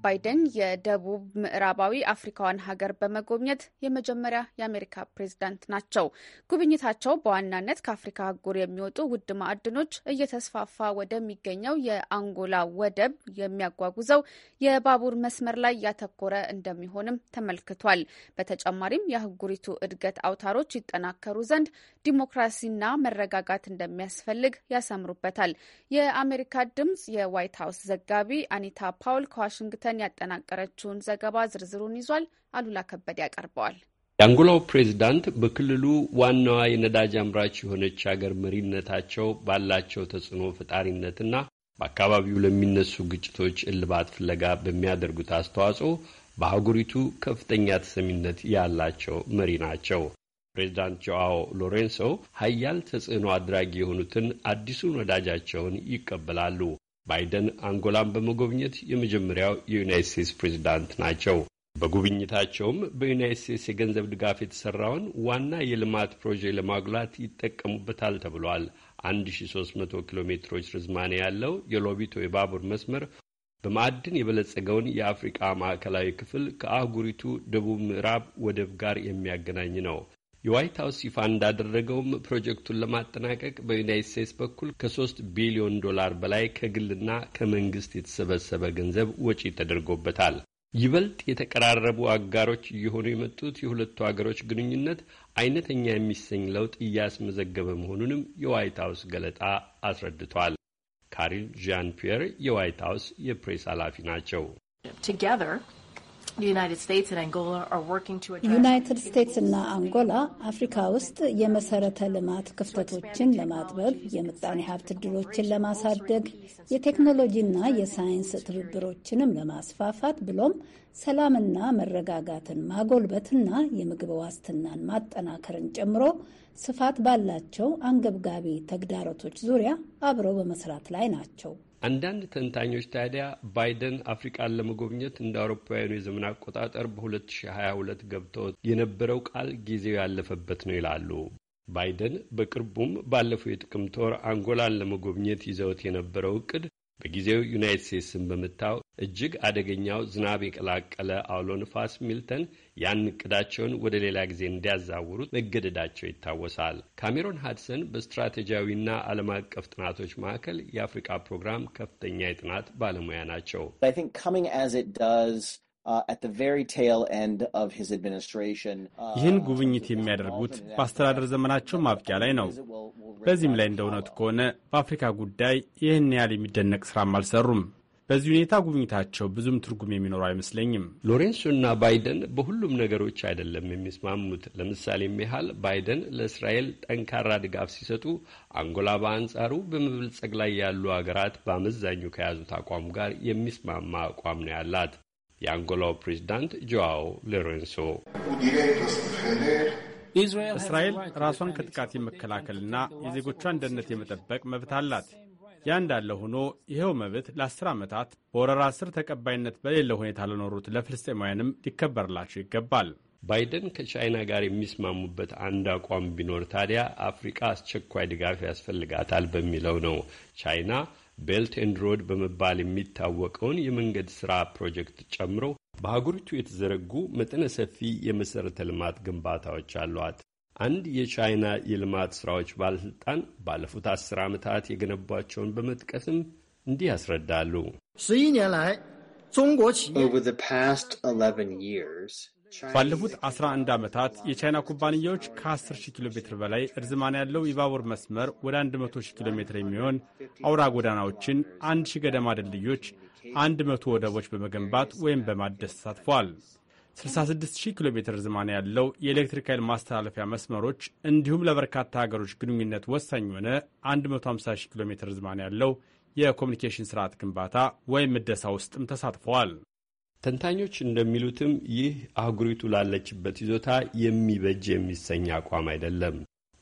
ባይደን የደቡብ ምዕራባዊ አፍሪካዋን ሀገር በመጎብኘት የመጀመሪያ የአሜሪካ ፕሬዝዳንት ናቸው። ጉብኝታቸው በዋናነት ከአፍሪካ አህጉር የሚወጡ ውድ ማዕድኖች እየተስፋፋ ወደሚገኘው የአንጎላ ወደብ የሚያጓጉዘው የባቡር መስመር ላይ ያተኮረ እንደሚሆንም ተመልክቷል። በተጨማሪም የአህጉሪቱ እድገት አውታሮች ይጠናከሩ ዘንድ ዲሞክራሲና መረጋጋት እንደሚያስፈልግ ያሰምሩበታል። የአሜሪካ ድምጽ የዋይት ሀውስ ዘጋቢ አኒታ ፓውል ከዋሽንግተን ብርሃን ያጠናቀረችውን ዘገባ ዝርዝሩን ይዟል። አሉላ ከበደ ያቀርበዋል። የአንጎላው ፕሬዚዳንት በክልሉ ዋናዋ የነዳጅ አምራች የሆነች ሀገር መሪነታቸው ባላቸው ተጽዕኖ ፈጣሪነትና በአካባቢው ለሚነሱ ግጭቶች እልባት ፍለጋ በሚያደርጉት አስተዋጽኦ በአህጉሪቱ ከፍተኛ ተሰሚነት ያላቸው መሪ ናቸው። ፕሬዚዳንት ጆአዎ ሎሬንሶ ሀያል ተጽዕኖ አድራጊ የሆኑትን አዲሱን ወዳጃቸውን ይቀበላሉ። ባይደን አንጎላን በመጎብኘት የመጀመሪያው የዩናይት ስቴትስ ፕሬዚዳንት ናቸው። በጉብኝታቸውም በዩናይት ስቴትስ የገንዘብ ድጋፍ የተሰራውን ዋና የልማት ፕሮጀክት ለማጉላት ይጠቀሙበታል ተብሏል። 1300 ኪሎ ሜትሮች ርዝማኔ ያለው የሎቢቶ የባቡር መስመር በማዕድን የበለጸገውን የአፍሪቃ ማዕከላዊ ክፍል ከአህጉሪቱ ደቡብ ምዕራብ ወደብ ጋር የሚያገናኝ ነው። የዋይት ሀውስ ይፋ እንዳደረገውም ፕሮጀክቱን ለማጠናቀቅ በዩናይት ስቴትስ በኩል ከሶስት ቢሊዮን ዶላር በላይ ከግልና ከመንግስት የተሰበሰበ ገንዘብ ወጪ ተደርጎበታል። ይበልጥ የተቀራረቡ አጋሮች እየሆኑ የመጡት የሁለቱ አገሮች ግንኙነት አይነተኛ የሚሰኝ ለውጥ እያስመዘገበ መሆኑንም የዋይት ሀውስ ገለጣ አስረድቷል። ካሪን ዣን ፒየር የዋይት ሀውስ የፕሬስ ኃላፊ ናቸው። ዩናይትድ ስቴትስ እና አንጎላ አፍሪካ ውስጥ የመሰረተ ልማት ክፍተቶችን ለማጥበብ፣ የምጣኔ ሀብት እድሎችን ለማሳደግ፣ የቴክኖሎጂና የሳይንስ ትብብሮችንም ለማስፋፋት ብሎም ሰላምና መረጋጋትን ማጎልበትና የምግብ ዋስትናን ማጠናከርን ጨምሮ ስፋት ባላቸው አንገብጋቢ ተግዳሮቶች ዙሪያ አብረው በመስራት ላይ ናቸው። አንዳንድ ተንታኞች ታዲያ ባይደን አፍሪቃን ለመጎብኘት እንደ አውሮፓውያኑ የዘመን አቆጣጠር በ2022 ገብተው የነበረው ቃል ጊዜው ያለፈበት ነው ይላሉ። ባይደን በቅርቡም ባለፈው የጥቅምት ወር አንጎላን ለመጎብኘት ይዘውት የነበረው እቅድ በጊዜው ዩናይት ስቴትስን በመታው እጅግ አደገኛው ዝናብ የቀላቀለ አውሎ ንፋስ ሚልተን ያን እቅዳቸውን ወደ ሌላ ጊዜ እንዲያዛውሩ መገደዳቸው ይታወሳል። ካሜሮን ሀድሰን በስትራቴጂያዊና ዓለም አቀፍ ጥናቶች ማዕከል የአፍሪቃ ፕሮግራም ከፍተኛ የጥናት ባለሙያ ናቸው። uh, uh, ይህን ጉብኝት የሚያደርጉት በአስተዳደር ዘመናቸው ማብቂያ ላይ ነው። በዚህም ላይ እንደ እውነቱ ከሆነ በአፍሪካ ጉዳይ ይህን ያህል የሚደነቅ ስራም አልሰሩም። በዚህ ሁኔታ ጉብኝታቸው ብዙም ትርጉም የሚኖረው አይመስለኝም። ሎሬንሶና ባይደን በሁሉም ነገሮች አይደለም የሚስማሙት። ለምሳሌም ያህል ባይደን ለእስራኤል ጠንካራ ድጋፍ ሲሰጡ፣ አንጎላ በአንጻሩ በመብልጸግ ላይ ያሉ አገራት በአመዛኙ ከያዙት አቋም ጋር የሚስማማ አቋም ነው ያላት። የአንጎላው ፕሬዚዳንት ጆዋው ሎሬንሶ እስራኤል ራሷን ከጥቃት የመከላከልና የዜጎቿን ደህንነት የመጠበቅ መብት አላት። ያ እንዳለ ሆኖ ይኸው መብት ለአስር ዓመታት በወረራ ስር ተቀባይነት በሌለ ሁኔታ ለኖሩት ለፍልስጤማውያንም ሊከበርላቸው ይገባል። ባይደን ከቻይና ጋር የሚስማሙበት አንድ አቋም ቢኖር ታዲያ አፍሪቃ አስቸኳይ ድጋፍ ያስፈልጋታል በሚለው ነው። ቻይና ቤልት ኤንድ ሮድ በመባል የሚታወቀውን የመንገድ ስራ ፕሮጀክት ጨምሮ በሀገሪቱ የተዘረጉ መጠነ ሰፊ የመሠረተ ልማት ግንባታዎች አሏት። አንድ የቻይና የልማት ስራዎች ባለስልጣን ባለፉት አስር ዓመታት የገነቧቸውን በመጥቀስም እንዲህ ያስረዳሉ። ባለፉት 11 ዓመታት የቻይና ኩባንያዎች ከ10 ሺህ ኪሎ ሜትር በላይ እርዝማን ያለው የባቡር መስመር ወደ 100 ሺህ ኪሎ ሜትር የሚሆን አውራ ጎዳናዎችን፣ አንድ ሺህ ገደማ ድልድዮች፣ 100 ወደቦች በመገንባት ወይም በማደስ ተሳትፈዋል። 66000 ኪሎ ሜትር ዝማኔ ያለው የኤሌክትሪክ ኃይል ማስተላለፊያ መስመሮች እንዲሁም ለበርካታ ሀገሮች ግንኙነት ወሳኝ የሆነ 150000 ኪሎ ሜትር ዝማኔ ያለው የኮሚኒኬሽን ስርዓት ግንባታ ወይም እደሳ ውስጥም ተሳትፈዋል። ተንታኞች እንደሚሉትም ይህ አህጉሪቱ ላለችበት ይዞታ የሚበጅ የሚሰኝ አቋም አይደለም።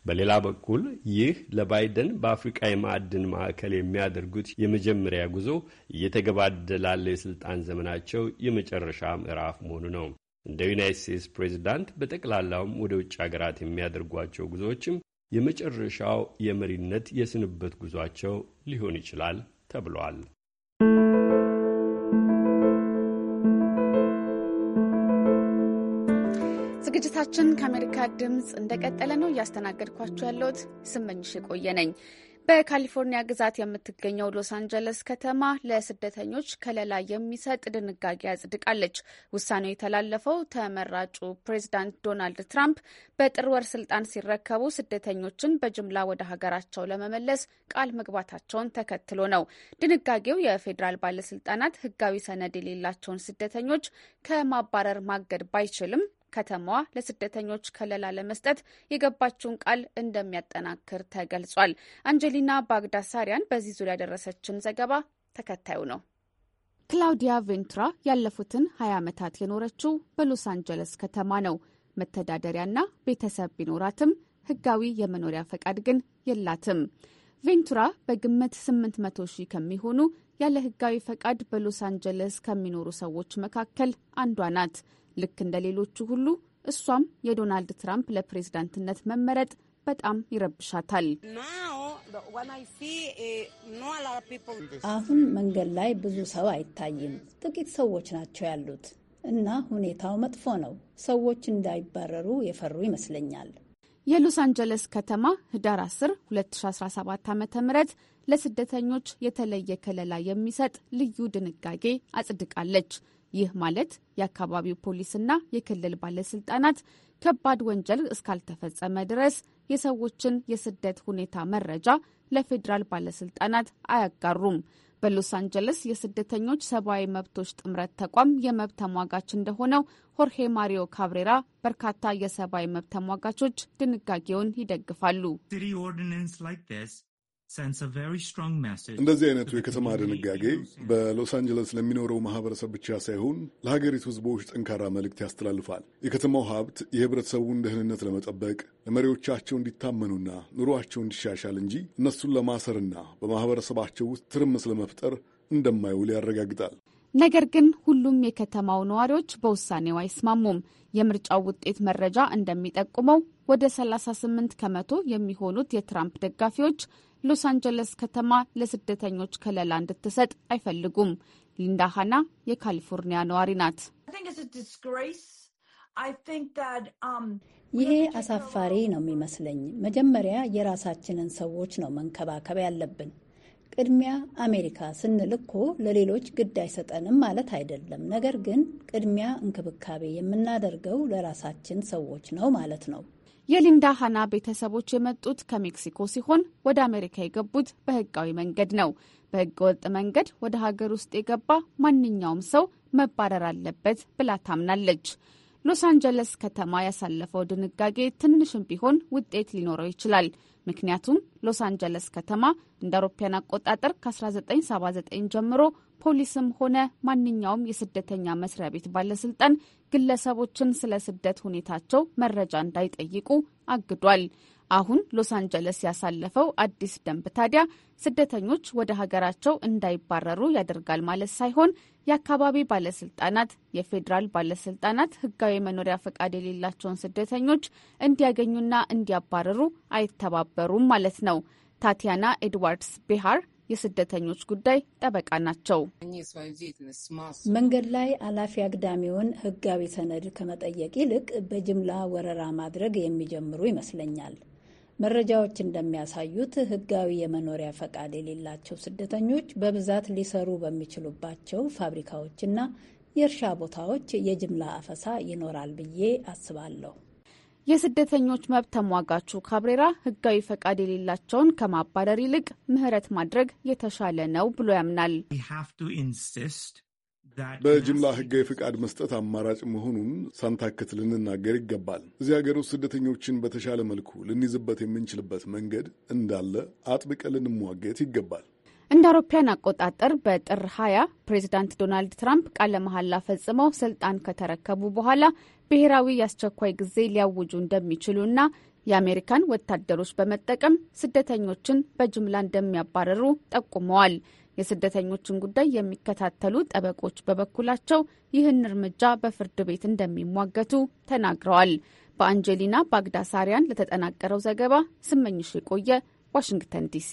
በሌላ በኩል ይህ ለባይደን በአፍሪቃ የማዕድን ማዕከል የሚያደርጉት የመጀመሪያ ጉዞ እየተገባደላለ የስልጣን የሥልጣን ዘመናቸው የመጨረሻ ምዕራፍ መሆኑ ነው። እንደ ዩናይት ስቴትስ ፕሬዚዳንት በጠቅላላውም ወደ ውጭ ሀገራት የሚያደርጓቸው ጉዞዎችም የመጨረሻው የመሪነት የስንበት ጉዟቸው ሊሆን ይችላል ተብሏል። ዝግጅታችን ከአሜሪካ ድምፅ እንደቀጠለ ነው። እያስተናገድኳችሁ ያለሁት ስመኝሽ የቆየ ነኝ። በካሊፎርኒያ ግዛት የምትገኘው ሎስ አንጀለስ ከተማ ለስደተኞች ከለላ የሚሰጥ ድንጋጌ አጽድቃለች። ውሳኔው የተላለፈው ተመራጩ ፕሬዚዳንት ዶናልድ ትራምፕ በጥር ወር ስልጣን ሲረከቡ ስደተኞችን በጅምላ ወደ ሀገራቸው ለመመለስ ቃል መግባታቸውን ተከትሎ ነው። ድንጋጌው የፌዴራል ባለስልጣናት ህጋዊ ሰነድ የሌላቸውን ስደተኞች ከማባረር ማገድ ባይችልም ከተማዋ ለስደተኞች ከለላ ለመስጠት የገባችውን ቃል እንደሚያጠናክር ተገልጿል። አንጀሊና ባግዳሳሪያን በዚህ ዙሪያ ያደረሰችን ዘገባ ተከታዩ ነው። ክላውዲያ ቬንትራ ያለፉትን 20 ዓመታት የኖረችው በሎስ አንጀለስ ከተማ ነው። መተዳደሪያና ቤተሰብ ቢኖራትም ሕጋዊ የመኖሪያ ፈቃድ ግን የላትም። ቬንቱራ በግምት 800 ሺህ ከሚሆኑ ያለ ህጋዊ ፈቃድ በሎስ አንጀለስ ከሚኖሩ ሰዎች መካከል አንዷ ናት። ልክ እንደ ሌሎቹ ሁሉ እሷም የዶናልድ ትራምፕ ለፕሬዝዳንትነት መመረጥ በጣም ይረብሻታል። eh, አሁን መንገድ ላይ ብዙ ሰው አይታይም፣ ጥቂት ሰዎች ናቸው ያሉት እና ሁኔታው መጥፎ ነው። ሰዎች እንዳይባረሩ የፈሩ ይመስለኛል። የሎስ አንጀለስ ከተማ ህዳር 10 2017 ዓ ም ለስደተኞች የተለየ ከለላ የሚሰጥ ልዩ ድንጋጌ አጽድቃለች። ይህ ማለት የአካባቢው ፖሊስና የክልል ባለስልጣናት ከባድ ወንጀል እስካልተፈጸመ ድረስ የሰዎችን የስደት ሁኔታ መረጃ ለፌዴራል ባለስልጣናት አያጋሩም። በሎስ አንጀለስ የስደተኞች ሰብአዊ መብቶች ጥምረት ተቋም የመብት ተሟጋች እንደሆነው ሆርሄ ማሪዮ ካብሬራ በርካታ የሰብአዊ መብት ተሟጋቾች ድንጋጌውን ይደግፋሉ። እንደዚህ አይነቱ የከተማ ድንጋጌ በሎስ አንጀለስ ለሚኖረው ማህበረሰብ ብቻ ሳይሆን ለሀገሪቱ ህዝቦች ጠንካራ መልእክት ያስተላልፋል። የከተማው ሀብት የህብረተሰቡን ደህንነት ለመጠበቅ ለመሪዎቻቸው እንዲታመኑና ኑሯቸው እንዲሻሻል እንጂ እነሱን ለማሰርና በማህበረሰባቸው ውስጥ ትርምስ ለመፍጠር እንደማይውል ያረጋግጣል። ነገር ግን ሁሉም የከተማው ነዋሪዎች በውሳኔው አይስማሙም። የምርጫው ውጤት መረጃ እንደሚጠቁመው ወደ 38 ከመቶ የሚሆኑት የትራምፕ ደጋፊዎች ሎስ አንጀለስ ከተማ ለስደተኞች ከለላ እንድትሰጥ አይፈልጉም። ሊንዳ ሃና የካሊፎርኒያ ነዋሪ ናት። um, ይሄ አሳፋሪ ነው የሚመስለኝ። መጀመሪያ የራሳችንን ሰዎች ነው መንከባከብ ያለብን። ቅድሚያ አሜሪካ ስንል እኮ ለሌሎች ግድ አይሰጠንም ማለት አይደለም። ነገር ግን ቅድሚያ እንክብካቤ የምናደርገው ለራሳችን ሰዎች ነው ማለት ነው። የሊንዳ ሃና ቤተሰቦች የመጡት ከሜክሲኮ ሲሆን ወደ አሜሪካ የገቡት በህጋዊ መንገድ ነው። በህገ ወጥ መንገድ ወደ ሀገር ውስጥ የገባ ማንኛውም ሰው መባረር አለበት ብላ ታምናለች። ሎስ አንጀለስ ከተማ ያሳለፈው ድንጋጌ ትንሽም ቢሆን ውጤት ሊኖረው ይችላል። ምክንያቱም ሎስ አንጀለስ ከተማ እንደ አውሮፓውያን አቆጣጠር ከ1979 ጀምሮ ፖሊስም ሆነ ማንኛውም የስደተኛ መስሪያ ቤት ባለስልጣን ግለሰቦችን ስለ ስደት ሁኔታቸው መረጃ እንዳይጠይቁ አግዷል። አሁን ሎስ አንጀለስ ያሳለፈው አዲስ ደንብ ታዲያ ስደተኞች ወደ ሀገራቸው እንዳይባረሩ ያደርጋል ማለት ሳይሆን የአካባቢ ባለስልጣናት፣ የፌዴራል ባለስልጣናት ህጋዊ መኖሪያ ፈቃድ የሌላቸውን ስደተኞች እንዲያገኙና እንዲያባረሩ አይተባበሩም ማለት ነው። ታቲያና ኤድዋርድስ ቤሃር የስደተኞች ጉዳይ ጠበቃ ናቸው። መንገድ ላይ አላፊ አግዳሚውን ሕጋዊ ሰነድ ከመጠየቅ ይልቅ በጅምላ ወረራ ማድረግ የሚጀምሩ ይመስለኛል። መረጃዎች እንደሚያሳዩት ሕጋዊ የመኖሪያ ፈቃድ የሌላቸው ስደተኞች በብዛት ሊሰሩ በሚችሉባቸው ፋብሪካዎችና የእርሻ ቦታዎች የጅምላ አፈሳ ይኖራል ብዬ አስባለሁ። የስደተኞች መብት ተሟጋቹ ካብሬራ ህጋዊ ፈቃድ የሌላቸውን ከማባረር ይልቅ ምህረት ማድረግ የተሻለ ነው ብሎ ያምናል። በጅምላ ህጋዊ ፈቃድ መስጠት አማራጭ መሆኑን ሳንታክት ልንናገር ይገባል። እዚህ ሀገር ውስጥ ስደተኞችን በተሻለ መልኩ ልንይዝበት የምንችልበት መንገድ እንዳለ አጥብቀ ልንሟገት ይገባል። እንደ አውሮፓውያን አቆጣጠር በጥር 20 ፕሬዚዳንት ዶናልድ ትራምፕ ቃለ መሐላ ፈጽመው ስልጣን ከተረከቡ በኋላ ብሔራዊ የአስቸኳይ ጊዜ ሊያውጁ እንደሚችሉና የአሜሪካን ወታደሮች በመጠቀም ስደተኞችን በጅምላ እንደሚያባረሩ ጠቁመዋል። የስደተኞችን ጉዳይ የሚከታተሉ ጠበቆች በበኩላቸው ይህን እርምጃ በፍርድ ቤት እንደሚሟገቱ ተናግረዋል። በአንጀሊና ባግዳሳሪያን ለተጠናቀረው ዘገባ ስመኝሽ የቆየ ዋሽንግተን ዲሲ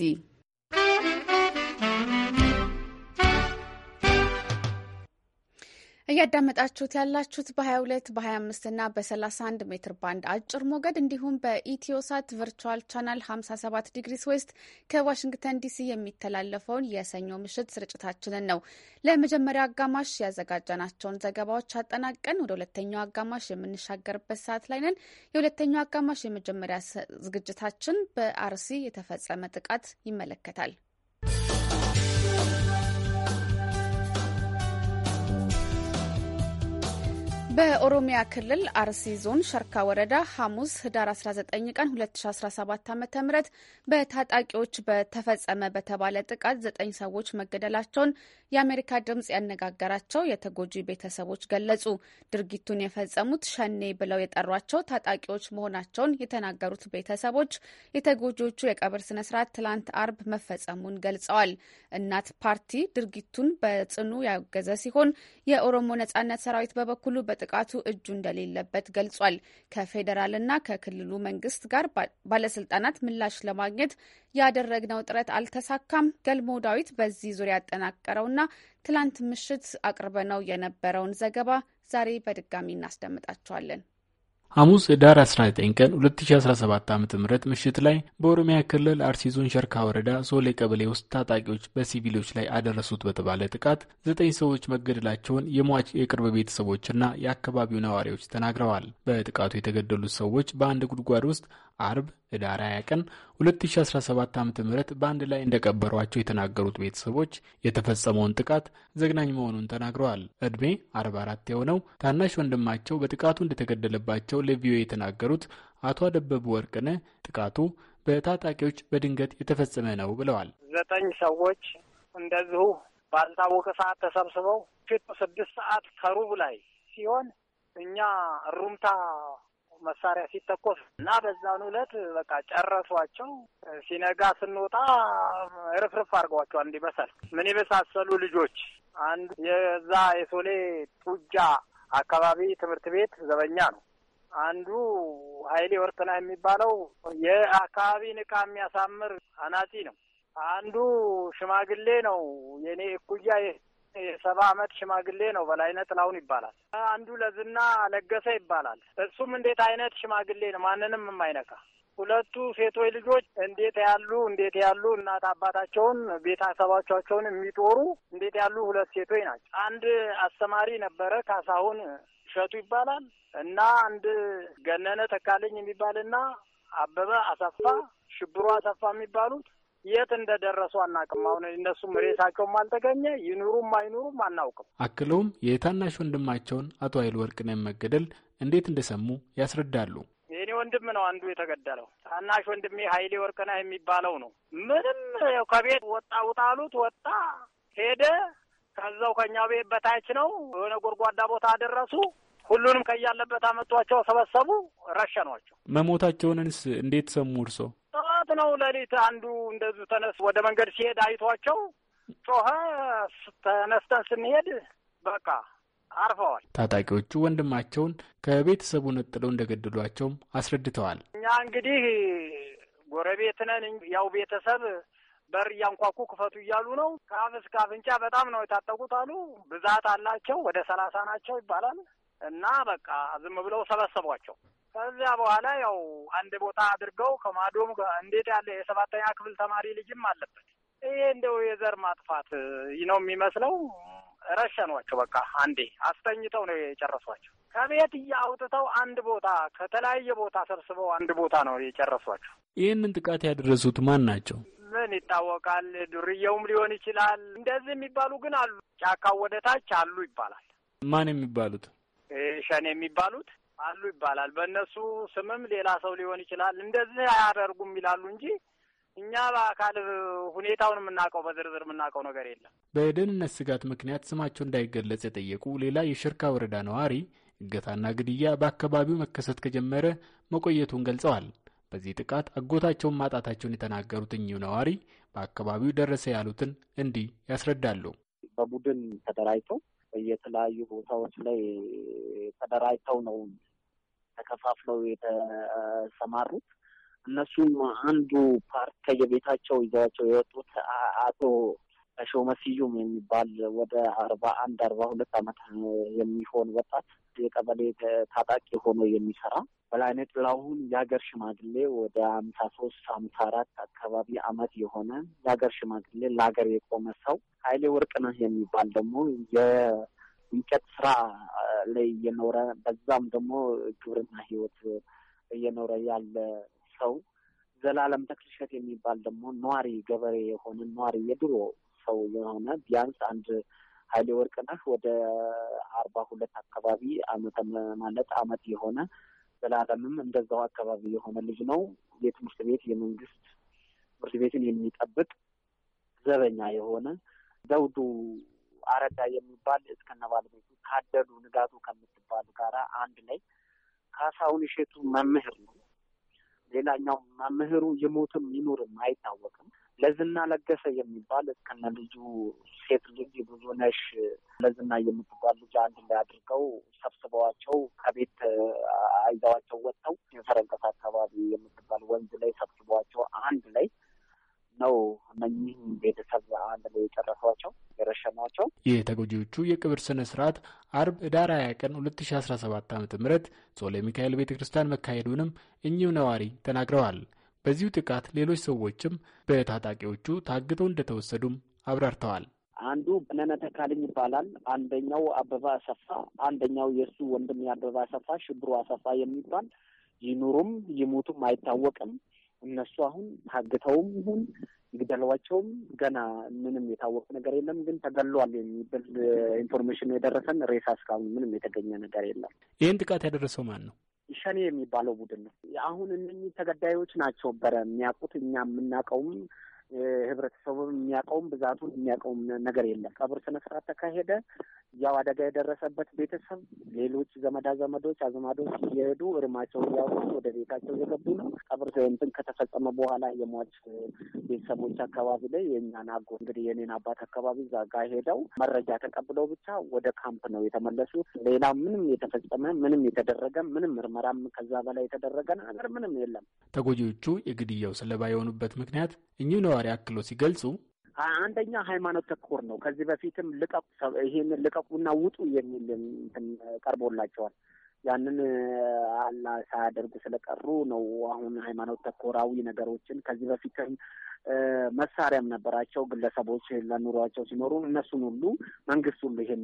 እያዳመጣችሁት ያላችሁት በ22 በ25 እና በ31 ሜትር ባንድ አጭር ሞገድ እንዲሁም በኢትዮሳት ቨርቹዋል ቻናል 57 ዲግሪስ ዌስት ከዋሽንግተን ዲሲ የሚተላለፈውን የሰኞ ምሽት ስርጭታችንን ነው። ለመጀመሪያው አጋማሽ ያዘጋጀናቸውን ዘገባዎች አጠናቀን ወደ ሁለተኛው አጋማሽ የምንሻገርበት ሰዓት ላይ ነን። የሁለተኛው አጋማሽ የመጀመሪያ ዝግጅታችን በአርሲ የተፈጸመ ጥቃት ይመለከታል። በኦሮሚያ ክልል አርሲ ዞን ሸርካ ወረዳ ሐሙስ ህዳር 19 ቀን 2017 ዓ ም በታጣቂዎች በተፈጸመ በተባለ ጥቃት ዘጠኝ ሰዎች መገደላቸውን የአሜሪካ ድምፅ ያነጋገራቸው የተጎጂ ቤተሰቦች ገለጹ። ድርጊቱን የፈጸሙት ሸኔ ብለው የጠሯቸው ታጣቂዎች መሆናቸውን የተናገሩት ቤተሰቦች የተጎጂዎቹ የቀብር ስነስርዓት ትላንት አርብ መፈጸሙን ገልጸዋል። እናት ፓርቲ ድርጊቱን በጽኑ ያወገዘ ሲሆን የኦሮሞ ነጻነት ሰራዊት በበኩሉ በ በጥቃቱ እጁ እንደሌለበት ገልጿል። ከፌዴራልና ከክልሉ መንግስት ጋር ባለስልጣናት ምላሽ ለማግኘት ያደረግነው ጥረት አልተሳካም። ገልሞ ዳዊት በዚህ ዙሪያ ያጠናቀረውና ትላንት ምሽት አቅርበነው የነበረውን ዘገባ ዛሬ በድጋሚ እናስደምጣቸዋለን። ሐሙስ ኅዳር 19 ቀን 2017 ዓ ም ምሽት ላይ በኦሮሚያ ክልል አርሲ ዞን ሸርካ ወረዳ ሶሌ ቀበሌ ውስጥ ታጣቂዎች በሲቪሎች ላይ አደረሱት በተባለ ጥቃት ዘጠኝ ሰዎች መገደላቸውን የሟች የቅርብ ቤተሰቦችና የአካባቢው ነዋሪዎች ተናግረዋል። በጥቃቱ የተገደሉት ሰዎች በአንድ ጉድጓድ ውስጥ አርብ ህዳር 20 ቀን 2017 ዓ ም በአንድ ላይ እንደቀበሯቸው የተናገሩት ቤተሰቦች የተፈጸመውን ጥቃት ዘግናኝ መሆኑን ተናግረዋል። ዕድሜ 44 የሆነው ታናሽ ወንድማቸው በጥቃቱ እንደተገደለባቸው ለቪኦኤ የተናገሩት አቶ አደበቡ ወርቅነ ጥቃቱ በታጣቂዎች በድንገት የተፈጸመ ነው ብለዋል። ዘጠኝ ሰዎች እንደዚሁ ባልታወቀ ሰዓት ተሰብስበው ሽቱ ስድስት ሰዓት ከሩብ ላይ ሲሆን እኛ ሩምታ መሳሪያ ሲተኮስ እና በዛን ዕለት በቃ ጨረሷቸው። ሲነጋ ስንወጣ ርፍርፍ አድርገዋቸዋል። እንዲህ በሰል ምን የመሳሰሉ ልጆች አንድ የዛ የሶሌ ጡጃ አካባቢ ትምህርት ቤት ዘበኛ ነው። አንዱ ሀይሌ ወርቅና የሚባለው የአካባቢ እቃ የሚያሳምር አናጺ ነው። አንዱ ሽማግሌ ነው የእኔ እኩያ የሰባ አመት ሽማግሌ ነው። በላይነህ ጥላሁን ይባላል። አንዱ ለዝና ለገሰ ይባላል። እሱም እንዴት አይነት ሽማግሌ ነው፣ ማንንም የማይነካ ሁለቱ ሴቶች ልጆች እንዴት ያሉ እንዴት ያሉ እናት አባታቸውን ቤተሰባቸውን የሚጦሩ እንዴት ያሉ ሁለት ሴቶች ናቸው። አንድ አስተማሪ ነበረ ካሳሁን እሸቱ ይባላል እና አንድ ገነነ ተካልኝ የሚባልና አበበ አሰፋ ሽብሩ አሰፋ የሚባሉት የት እንደደረሱ አናውቅም። አሁን እነሱም ሬሳቸውም አልተገኘ ይኑሩም አይኑሩም አናውቅም። አክለውም የታናሽ ወንድማቸውን አቶ ኃይል ወርቅነህን መገደል እንዴት እንደሰሙ ያስረዳሉ። የኔ ወንድም ነው አንዱ የተገደለው። ታናሽ ወንድሜ ኃይሌ ወርቅነህ የሚባለው ነው። ምንም ከቤት ወጣ ውጣሉት ወጣ ሄደ። ከዛው ከእኛ ቤት በታች ነው የሆነ ጎድጓዳ ቦታ አደረሱ። ሁሉንም ከያለበት አመጧቸው፣ ሰበሰቡ፣ ረሸኗቸው። መሞታቸውንስ እንዴት ሰሙ እርሶ? ሰዓት ነው ሌሊት አንዱ እንደዚሁ ተነስ ወደ መንገድ ሲሄድ አይቷቸው ጮኸ። ተነስተን ስንሄድ በቃ አርፈዋል። ታጣቂዎቹ ወንድማቸውን ከቤተሰቡ ነጥለው እንደገደሏቸውም አስረድተዋል። እኛ እንግዲህ ጎረቤት ነን። ያው ቤተሰብ በር እያንኳኩ ክፈቱ እያሉ ነው። ከአፍ እስከ አፍንጫ በጣም ነው የታጠቁት አሉ። ብዛት አላቸው ወደ ሰላሳ ናቸው ይባላል እና በቃ ዝም ብለው ሰበሰቧቸው። ከዚያ በኋላ ያው አንድ ቦታ አድርገው ከማዶም እንዴት ያለ የሰባተኛ ክፍል ተማሪ ልጅም አለበት። ይሄ እንደው የዘር ማጥፋት ነው የሚመስለው። ረሸኗቸው በቃ አንዴ አስተኝተው ነው የጨረሷቸው። ከቤት እያውጥተው አንድ ቦታ ከተለያየ ቦታ ሰብስበው አንድ ቦታ ነው የጨረሷቸው። ይህንን ጥቃት ያደረሱት ማን ናቸው? ምን ይታወቃል። ዱርየውም ሊሆን ይችላል። እንደዚህ የሚባሉ ግን አሉ። ጫካው ወደ ታች አሉ ይባላል። ማን የሚባሉት? ሸኔ የሚባሉት አሉ ይባላል። በእነሱ ስምም ሌላ ሰው ሊሆን ይችላል። እንደዚህ አያደርጉም ይላሉ እንጂ እኛ በአካል ሁኔታውን የምናውቀው በዝርዝር የምናውቀው ነገር የለም። በደህንነት ስጋት ምክንያት ስማቸው እንዳይገለጽ የጠየቁ ሌላ የሽርካ ወረዳ ነዋሪ እገታና ግድያ በአካባቢው መከሰት ከጀመረ መቆየቱን ገልጸዋል። በዚህ ጥቃት አጎታቸውን ማጣታቸውን የተናገሩት እኚሁ ነዋሪ በአካባቢው ደረሰ ያሉትን እንዲህ ያስረዳሉ። በቡድን ተደራጅተው በየተለያዩ ቦታዎች ላይ ተደራጅተው ነው ተከፋፍለው የተሰማሩት እነሱም አንዱ ፓርት ከየቤታቸው ይዘዋቸው የወጡት አቶ ሾመ ስዩም የሚባል ወደ አርባ አንድ አርባ ሁለት ዓመት የሚሆን ወጣት የቀበሌ ታጣቂ ሆኖ የሚሰራ በላይነ ጥላሁን የሀገር ሽማግሌ ወደ አምሳ ሶስት አምሳ አራት አካባቢ አመት የሆነ የሀገር ሽማግሌ ለሀገር የቆመ ሰው ሀይሌ ወርቅነህ የሚባል ደግሞ የእንጨት ስራ ላይ እየኖረ በዛም ደግሞ ግብርና ህይወት እየኖረ ያለ ሰው ዘላለም ተክልሸት የሚባል ደግሞ ነዋሪ ገበሬ የሆነ ነዋሪ የድሮ ሰው የሆነ ቢያንስ አንድ ኃይሌ ወርቅነህ ወደ አርባ ሁለት አካባቢ አመተ ማለት አመት የሆነ ዘላለምም እንደዛው አካባቢ የሆነ ልጅ ነው። የትምህርት ቤት የመንግስት ትምህርት ቤትን የሚጠብቅ ዘበኛ የሆነ ዘውዱ አረዳ የሚባል እስከነ ባለቤቱ ታደሉ ንጋቱ ከምትባሉ ጋር አንድ ላይ ካሳሁን እሸቱ መምህር ነው። ሌላኛው መምህሩ ይሙትም ይኑርም አይታወቅም። ለዝና ለገሰ የሚባል እስከነ ልጁ ሴት ልጅ ብዙ ነሽ ለዝና የምትባል ልጅ አንድ ላይ አድርገው ሰብስበዋቸው ከቤት አይዘዋቸው ወጥተው የፈረንቀስ አካባቢ የምትባል ወንዝ ላይ ሰብስበዋቸው አንድ ላይ ነው። እነኚህም ቤተሰብ አንድ ላይ የጨረሷቸው የረሸኗቸው። ተጎጂዎቹ የቅብር ስነ ስርዓት አርብ ኅዳር ሀያ ቀን 2017 ዓ ም ጾለ ሚካኤል ቤተ ክርስቲያን መካሄዱንም እኚሁ ነዋሪ ተናግረዋል። በዚሁ ጥቃት ሌሎች ሰዎችም በታጣቂዎቹ ታግተው እንደተወሰዱም አብራርተዋል። አንዱ በነነ ተካልኝ ይባላል። አንደኛው አበባ አሰፋ፣ አንደኛው የእሱ ወንድም የአበባ አሰፋ ሽብሩ አሰፋ የሚባል ይኑሩም ይሙቱም አይታወቅም። እነሱ አሁን ታግተውም ይሁን ይግደሏቸውም ገና ምንም የታወቀ ነገር የለም። ግን ተገሏል የሚብል ኢንፎርሜሽን የደረሰን ሬሳ እስካሁን ምንም የተገኘ ነገር የለም። ይህን ጥቃት ያደረሰው ማን ነው? ሸኔ የሚባለው ቡድን ነው። አሁን እነኚህ ተገዳዮች ናቸው በረ የሚያውቁት እኛ የምናውቀውም ህብረተሰቡም የሚያውቀውም ብዛቱን የሚያውቀውም ነገር የለም። ቀብር ስነስርዓት ተካሄደ። ያው አደጋ የደረሰበት ቤተሰብ ሌሎች ዘመዳ ዘመዶች አዝማዶች እየሄዱ እርማቸው እያወጡ ወደ ቤታቸው እየገቡ ነው። ቀብር እንትን ከተፈጸመ በኋላ የሟች ቤተሰቦች አካባቢ ላይ የእኛን አጎ እንግዲህ የኔን አባት አካባቢ እዛ ጋ ሄደው መረጃ ተቀብለው ብቻ ወደ ካምፕ ነው የተመለሱት። ሌላ ምንም የተፈጸመ ምንም የተደረገ ምንም ምርመራም ከዛ በላይ የተደረገ ነገር ምንም የለም። ተጎጂዎቹ የግድያው ሰለባ የሆኑበት ምክንያት እኚህ ነዋ ተግባር ያክሎ ሲገልጹ አንደኛ ሃይማኖት ተኮር ነው። ከዚህ በፊትም ልቀቁ ይሄንን ልቀቁና ውጡ የሚል ቀርቦላቸዋል። ያንን አላ ሳያደርጉ ስለቀሩ ነው አሁን ሃይማኖት ተኮራዊ ነገሮችን ከዚህ በፊትም መሳሪያም ነበራቸው ግለሰቦች ለኑሯቸው ሲኖሩ እነሱን ሁሉ መንግስት ሁሉ ይህን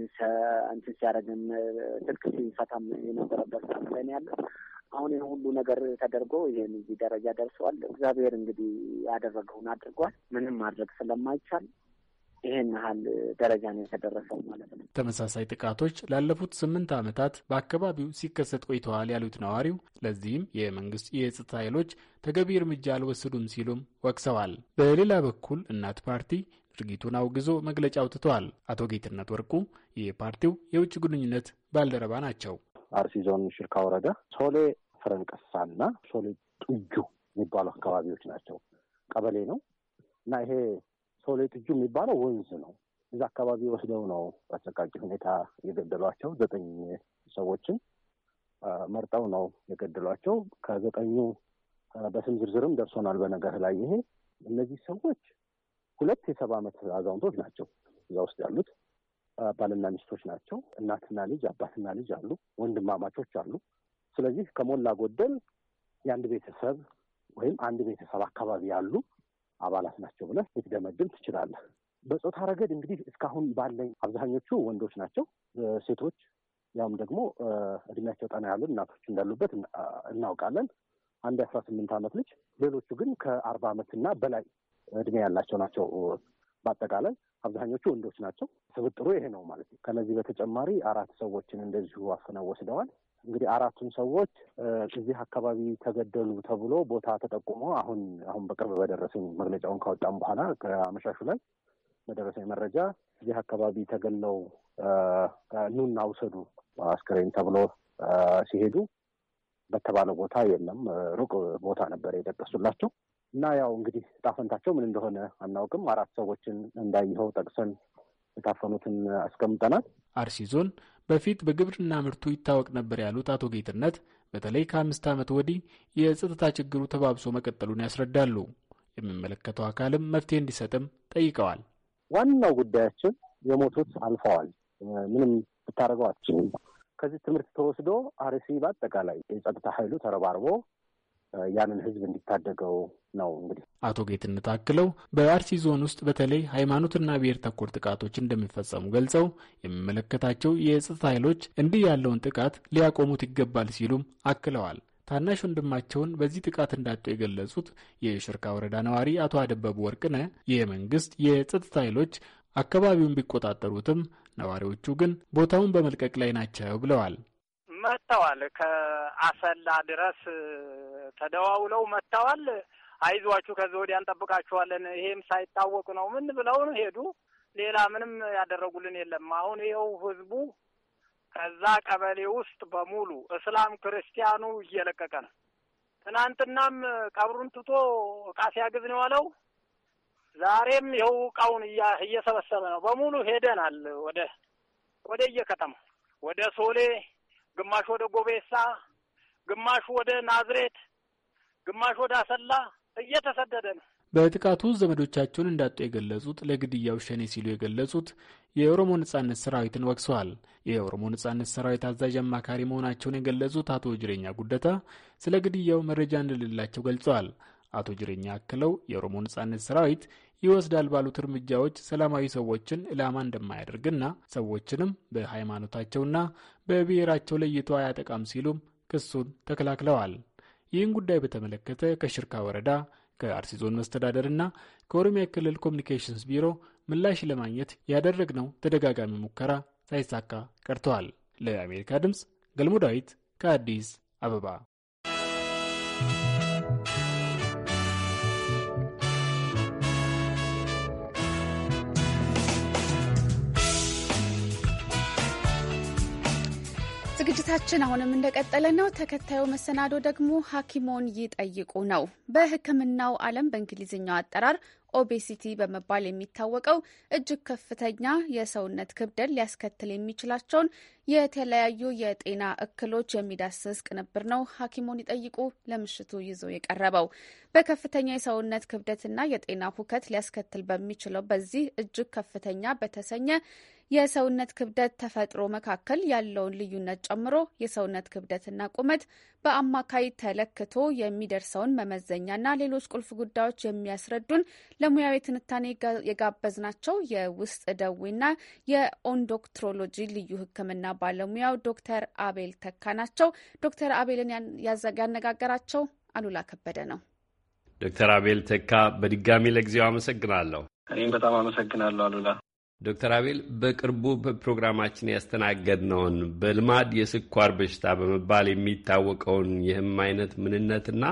እንትን ሲያደርግም ትልቅ ሲፈታም የነበረበት ላይ ያለ አሁን ይህ ሁሉ ነገር ተደርጎ ይህን እዚህ ደረጃ ደርሰዋል። እግዚአብሔር እንግዲህ ያደረገውን አድርጓል። ምንም ማድረግ ስለማይቻል ይህን ያህል ደረጃ ነው የተደረሰው ማለት ነው። ተመሳሳይ ጥቃቶች ላለፉት ስምንት ዓመታት በአካባቢው ሲከሰት ቆይተዋል ያሉት ነዋሪው፣ ለዚህም የመንግስት የጸጥታ ኃይሎች ተገቢ እርምጃ አልወሰዱም ሲሉም ወቅሰዋል። በሌላ በኩል እናት ፓርቲ ድርጊቱን አውግዞ መግለጫ አውጥተዋል። አቶ ጌትነት ወርቁ የፓርቲው የውጭ ግንኙነት ባልደረባ ናቸው። አርሲ ዞን ሽርካ ወረዳ ሶሌ ፈረንቀሳና ሶሌ ጡጁ የሚባሉ አካባቢዎች ናቸው። ቀበሌ ነው እና ይሄ ሶሌ ጡጁ የሚባለው ወንዝ ነው። እዛ አካባቢ ወስደው ነው በአሰቃቂ ሁኔታ የገደሏቸው። ዘጠኝ ሰዎችን መርጠው ነው የገደሏቸው። ከዘጠኙ በስም ዝርዝርም ደርሶናል። በነገር ላይ ይሄ እነዚህ ሰዎች ሁለት የሰባ ዓመት አዛውንቶች ናቸው እዛ ውስጥ ያሉት ባልና ሚስቶች ናቸው። እናትና ልጅ፣ አባትና ልጅ አሉ። ወንድማማቾች አሉ። ስለዚህ ከሞላ ጎደል የአንድ ቤተሰብ ወይም አንድ ቤተሰብ አካባቢ ያሉ አባላት ናቸው ብለህ ልትደመድም ትችላለህ። በጾታ ረገድ እንግዲህ እስካሁን ባለኝ አብዛኞቹ ወንዶች ናቸው። ሴቶች ያም ደግሞ እድሜያቸው ጠና ያሉ እናቶች እንዳሉበት እናውቃለን። አንድ የአስራ ስምንት ዓመት ልጅ፣ ሌሎቹ ግን ከአርባ ዓመትና እና በላይ እድሜ ያላቸው ናቸው። በአጠቃላይ አብዛኞቹ ወንዶች ናቸው። ስብጥሩ ይሄ ነው ማለት ነው። ከነዚህ በተጨማሪ አራት ሰዎችን እንደዚሁ አፍነው ወስደዋል። እንግዲህ አራቱን ሰዎች እዚህ አካባቢ ተገደሉ ተብሎ ቦታ ተጠቁሞ አሁን አሁን በቅርብ በደረሰኝ መግለጫውን ካወጣም በኋላ ከአመሻሹ ላይ በደረሰኝ መረጃ እዚህ አካባቢ ተገለው ኑና ውሰዱ አስክሬን ተብሎ ሲሄዱ በተባለ ቦታ የለም። ሩቅ ቦታ ነበር የጠቀሱላቸው። እና ያው እንግዲህ ጣፈንታቸው ምን እንደሆነ አናውቅም። አራት ሰዎችን እንዳይኸው ጠቅሰን የታፈኑትን አስቀምጠናል። አርሲ ዞን በፊት በግብርና ምርቱ ይታወቅ ነበር ያሉት አቶ ጌትነት በተለይ ከአምስት ዓመት ወዲህ የጸጥታ ችግሩ ተባብሶ መቀጠሉን ያስረዳሉ። የሚመለከተው አካልም መፍትሄ እንዲሰጥም ጠይቀዋል። ዋናው ጉዳያችን የሞቱት አልፈዋል። ምንም ብታደርገው አትችልም። ከዚህ ትምህርት ተወስዶ አርሲ በአጠቃላይ የጸጥታ ኃይሉ ተረባርቦ ያንን ህዝብ እንዲታደገው ነው። እንግዲህ አቶ ጌትነት አክለው በአርሲ ዞን ውስጥ በተለይ ሃይማኖትና ብሔር ተኮር ጥቃቶች እንደሚፈጸሙ ገልጸው የሚመለከታቸው የጸጥታ ኃይሎች እንዲህ ያለውን ጥቃት ሊያቆሙት ይገባል ሲሉም አክለዋል። ታናሽ ወንድማቸውን በዚህ ጥቃት እንዳጡ የገለጹት የሽርካ ወረዳ ነዋሪ አቶ አደበቡ ወርቅነ የመንግስት የጸጥታ ኃይሎች አካባቢውን ቢቆጣጠሩትም ነዋሪዎቹ ግን ቦታውን በመልቀቅ ላይ ናቸው ብለዋል። መጥተዋል። ከአሰላ ድረስ ተደዋውለው መጥተዋል። አይዟችሁ ከዚህ ወዲያ እንጠብቃችኋለን፣ ይሄም ሳይታወቅ ነው ምን ብለው ሄዱ። ሌላ ምንም ያደረጉልን የለም። አሁን ይኸው ህዝቡ ከዛ ቀበሌ ውስጥ በሙሉ እስላም ክርስቲያኑ እየለቀቀ ነው። ትናንትናም ቀብሩን ትቶ እቃ ሲያግዝ ነው የዋለው። ዛሬም ይኸው እቃውን እየሰበሰበ ነው። በሙሉ ሄደናል ወደ ወደ እየከተማ ወደ ሶሌ፣ ግማሽ ወደ ጎቤሳ፣ ግማሹ ወደ ናዝሬት ግማሽ ወደ አሰላ እየተሰደደ ነው። በጥቃቱ ዘመዶቻቸውን እንዳጡ የገለጹት ለግድያው ሸኔ ሲሉ የገለጹት የኦሮሞ ነጻነት ሰራዊትን ወቅሰዋል። የኦሮሞ ነጻነት ሰራዊት አዛዥ አማካሪ መሆናቸውን የገለጹት አቶ ጅሬኛ ጉደታ ስለ ግድያው መረጃ እንደሌላቸው ገልጸዋል። አቶ ጅሬኛ አክለው የኦሮሞ ነጻነት ሰራዊት ይወስዳል ባሉት እርምጃዎች ሰላማዊ ሰዎችን ዕላማ እንደማያደርግና ሰዎችንም በሃይማኖታቸውና በብሔራቸው ለይቶ አያጠቃም ሲሉም ክሱን ተከላክለዋል። ይህን ጉዳይ በተመለከተ ከሽርካ ወረዳ ከአርሲ ዞን መስተዳደር እና ከኦሮሚያ ክልል ኮሚኒኬሽንስ ቢሮ ምላሽ ለማግኘት ያደረግነው ተደጋጋሚ ሙከራ ሳይሳካ ቀርተዋል። ለአሜሪካ ድምፅ ገልሞ ዳዊት ከአዲስ አበባ ዝግጅታችን አሁንም እንደቀጠለ ነው። ተከታዩ መሰናዶ ደግሞ ሐኪሞን ይጠይቁ ነው። በሕክምናው ዓለም በእንግሊዝኛው አጠራር ኦቤሲቲ በመባል የሚታወቀው እጅግ ከፍተኛ የሰውነት ክብደት ሊያስከትል የሚችላቸውን የተለያዩ የጤና እክሎች የሚዳስስ ቅንብር ነው። ሐኪሞን ይጠይቁ ለምሽቱ ይዞ የቀረበው በከፍተኛ የሰውነት ክብደትና የጤና ሁከት ሊያስከትል በሚችለው በዚህ እጅግ ከፍተኛ በተሰኘ የሰውነት ክብደት ተፈጥሮ መካከል ያለውን ልዩነት ጨምሮ የሰውነት ክብደትና ቁመት በአማካይ ተለክቶ የሚደርሰውን መመዘኛና ሌሎች ቁልፍ ጉዳዮች የሚያስረዱን ለሙያዊ ትንታኔ የጋበዝናቸው የውስጥ ደዌና የኦንዶክትሮሎጂ ልዩ ሕክምና ባለሙያው ዶክተር አቤል ተካ ናቸው። ዶክተር አቤልን ያነጋገራቸው አሉላ ከበደ ነው። ዶክተር አቤል ተካ በድጋሚ ለጊዜው አመሰግናለሁ። እኔም በጣም አመሰግናለሁ አሉላ። ዶክተር አቤል በቅርቡ በፕሮግራማችን ያስተናገድነውን በልማድ የስኳር በሽታ በመባል የሚታወቀውን የህም አይነት ምንነትና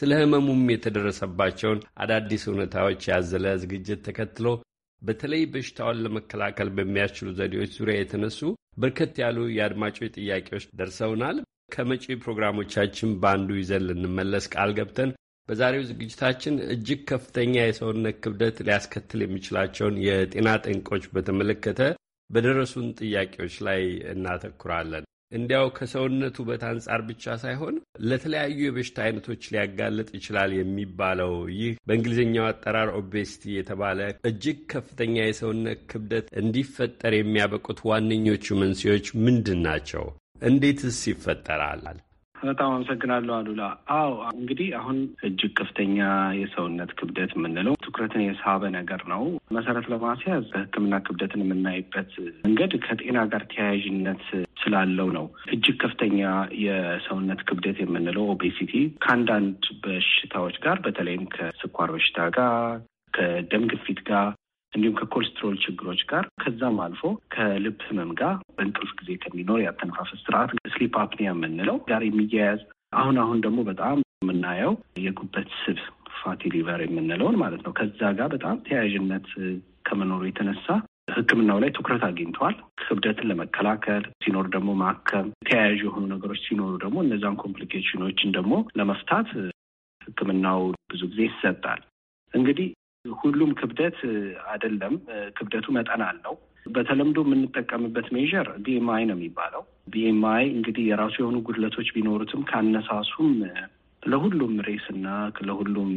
ስለ ህመሙም የተደረሰባቸውን አዳዲስ እውነታዎች ያዘለ ዝግጅት ተከትሎ በተለይ በሽታውን ለመከላከል በሚያስችሉ ዘዴዎች ዙሪያ የተነሱ በርከት ያሉ የአድማጮች ጥያቄዎች ደርሰውናል። ከመጪ ፕሮግራሞቻችን በአንዱ ይዘን ልንመለስ ቃል ገብተን በዛሬው ዝግጅታችን እጅግ ከፍተኛ የሰውነት ክብደት ሊያስከትል የሚችላቸውን የጤና ጠንቆች በተመለከተ በደረሱን ጥያቄዎች ላይ እናተኩራለን። እንዲያው ከሰውነት ውበት አንጻር ብቻ ሳይሆን ለተለያዩ የበሽታ አይነቶች ሊያጋለጥ ይችላል የሚባለው ይህ በእንግሊዝኛው አጠራር ኦቤሲቲ የተባለ እጅግ ከፍተኛ የሰውነት ክብደት እንዲፈጠር የሚያበቁት ዋነኞቹ መንስኤዎች ምንድን ናቸው? እንዴትስ ይፈጠራል? በጣም አመሰግናለሁ አሉላ። አዎ እንግዲህ አሁን እጅግ ከፍተኛ የሰውነት ክብደት የምንለው ትኩረትን የሳበ ነገር ነው። መሰረት ለማስያዝ በሕክምና ክብደትን የምናይበት መንገድ ከጤና ጋር ተያያዥነት ስላለው ነው። እጅግ ከፍተኛ የሰውነት ክብደት የምንለው ኦቤሲቲ ከአንዳንድ በሽታዎች ጋር በተለይም ከስኳር በሽታ ጋር ከደም ግፊት ጋር እንዲሁም ከኮሌስትሮል ችግሮች ጋር ከዛም አልፎ ከልብ ህመም ጋር በእንቅልፍ ጊዜ ከሚኖር የአተነፋፈስ ስርዓት ስሊፕ አፕኒያ የምንለው ጋር የሚያያዝ አሁን አሁን ደግሞ በጣም የምናየው የጉበት ስብ ፋቲ ሊቨር የምንለውን ማለት ነው። ከዛ ጋር በጣም ተያያዥነት ከመኖሩ የተነሳ ሕክምናው ላይ ትኩረት አግኝተዋል። ክብደትን ለመከላከል ሲኖር ደግሞ ማከም፣ ተያያዥ የሆኑ ነገሮች ሲኖሩ ደግሞ እነዛን ኮምፕሊኬሽኖችን ደግሞ ለመፍታት ሕክምናው ብዙ ጊዜ ይሰጣል። እንግዲህ ሁሉም ክብደት አይደለም። ክብደቱ መጠን አለው። በተለምዶ የምንጠቀምበት ሜዥር ቢኤምአይ ነው የሚባለው። ቢኤምአይ እንግዲህ የራሱ የሆኑ ጉድለቶች ቢኖሩትም ካነሳሱም ለሁሉም ሬስና ለሁሉም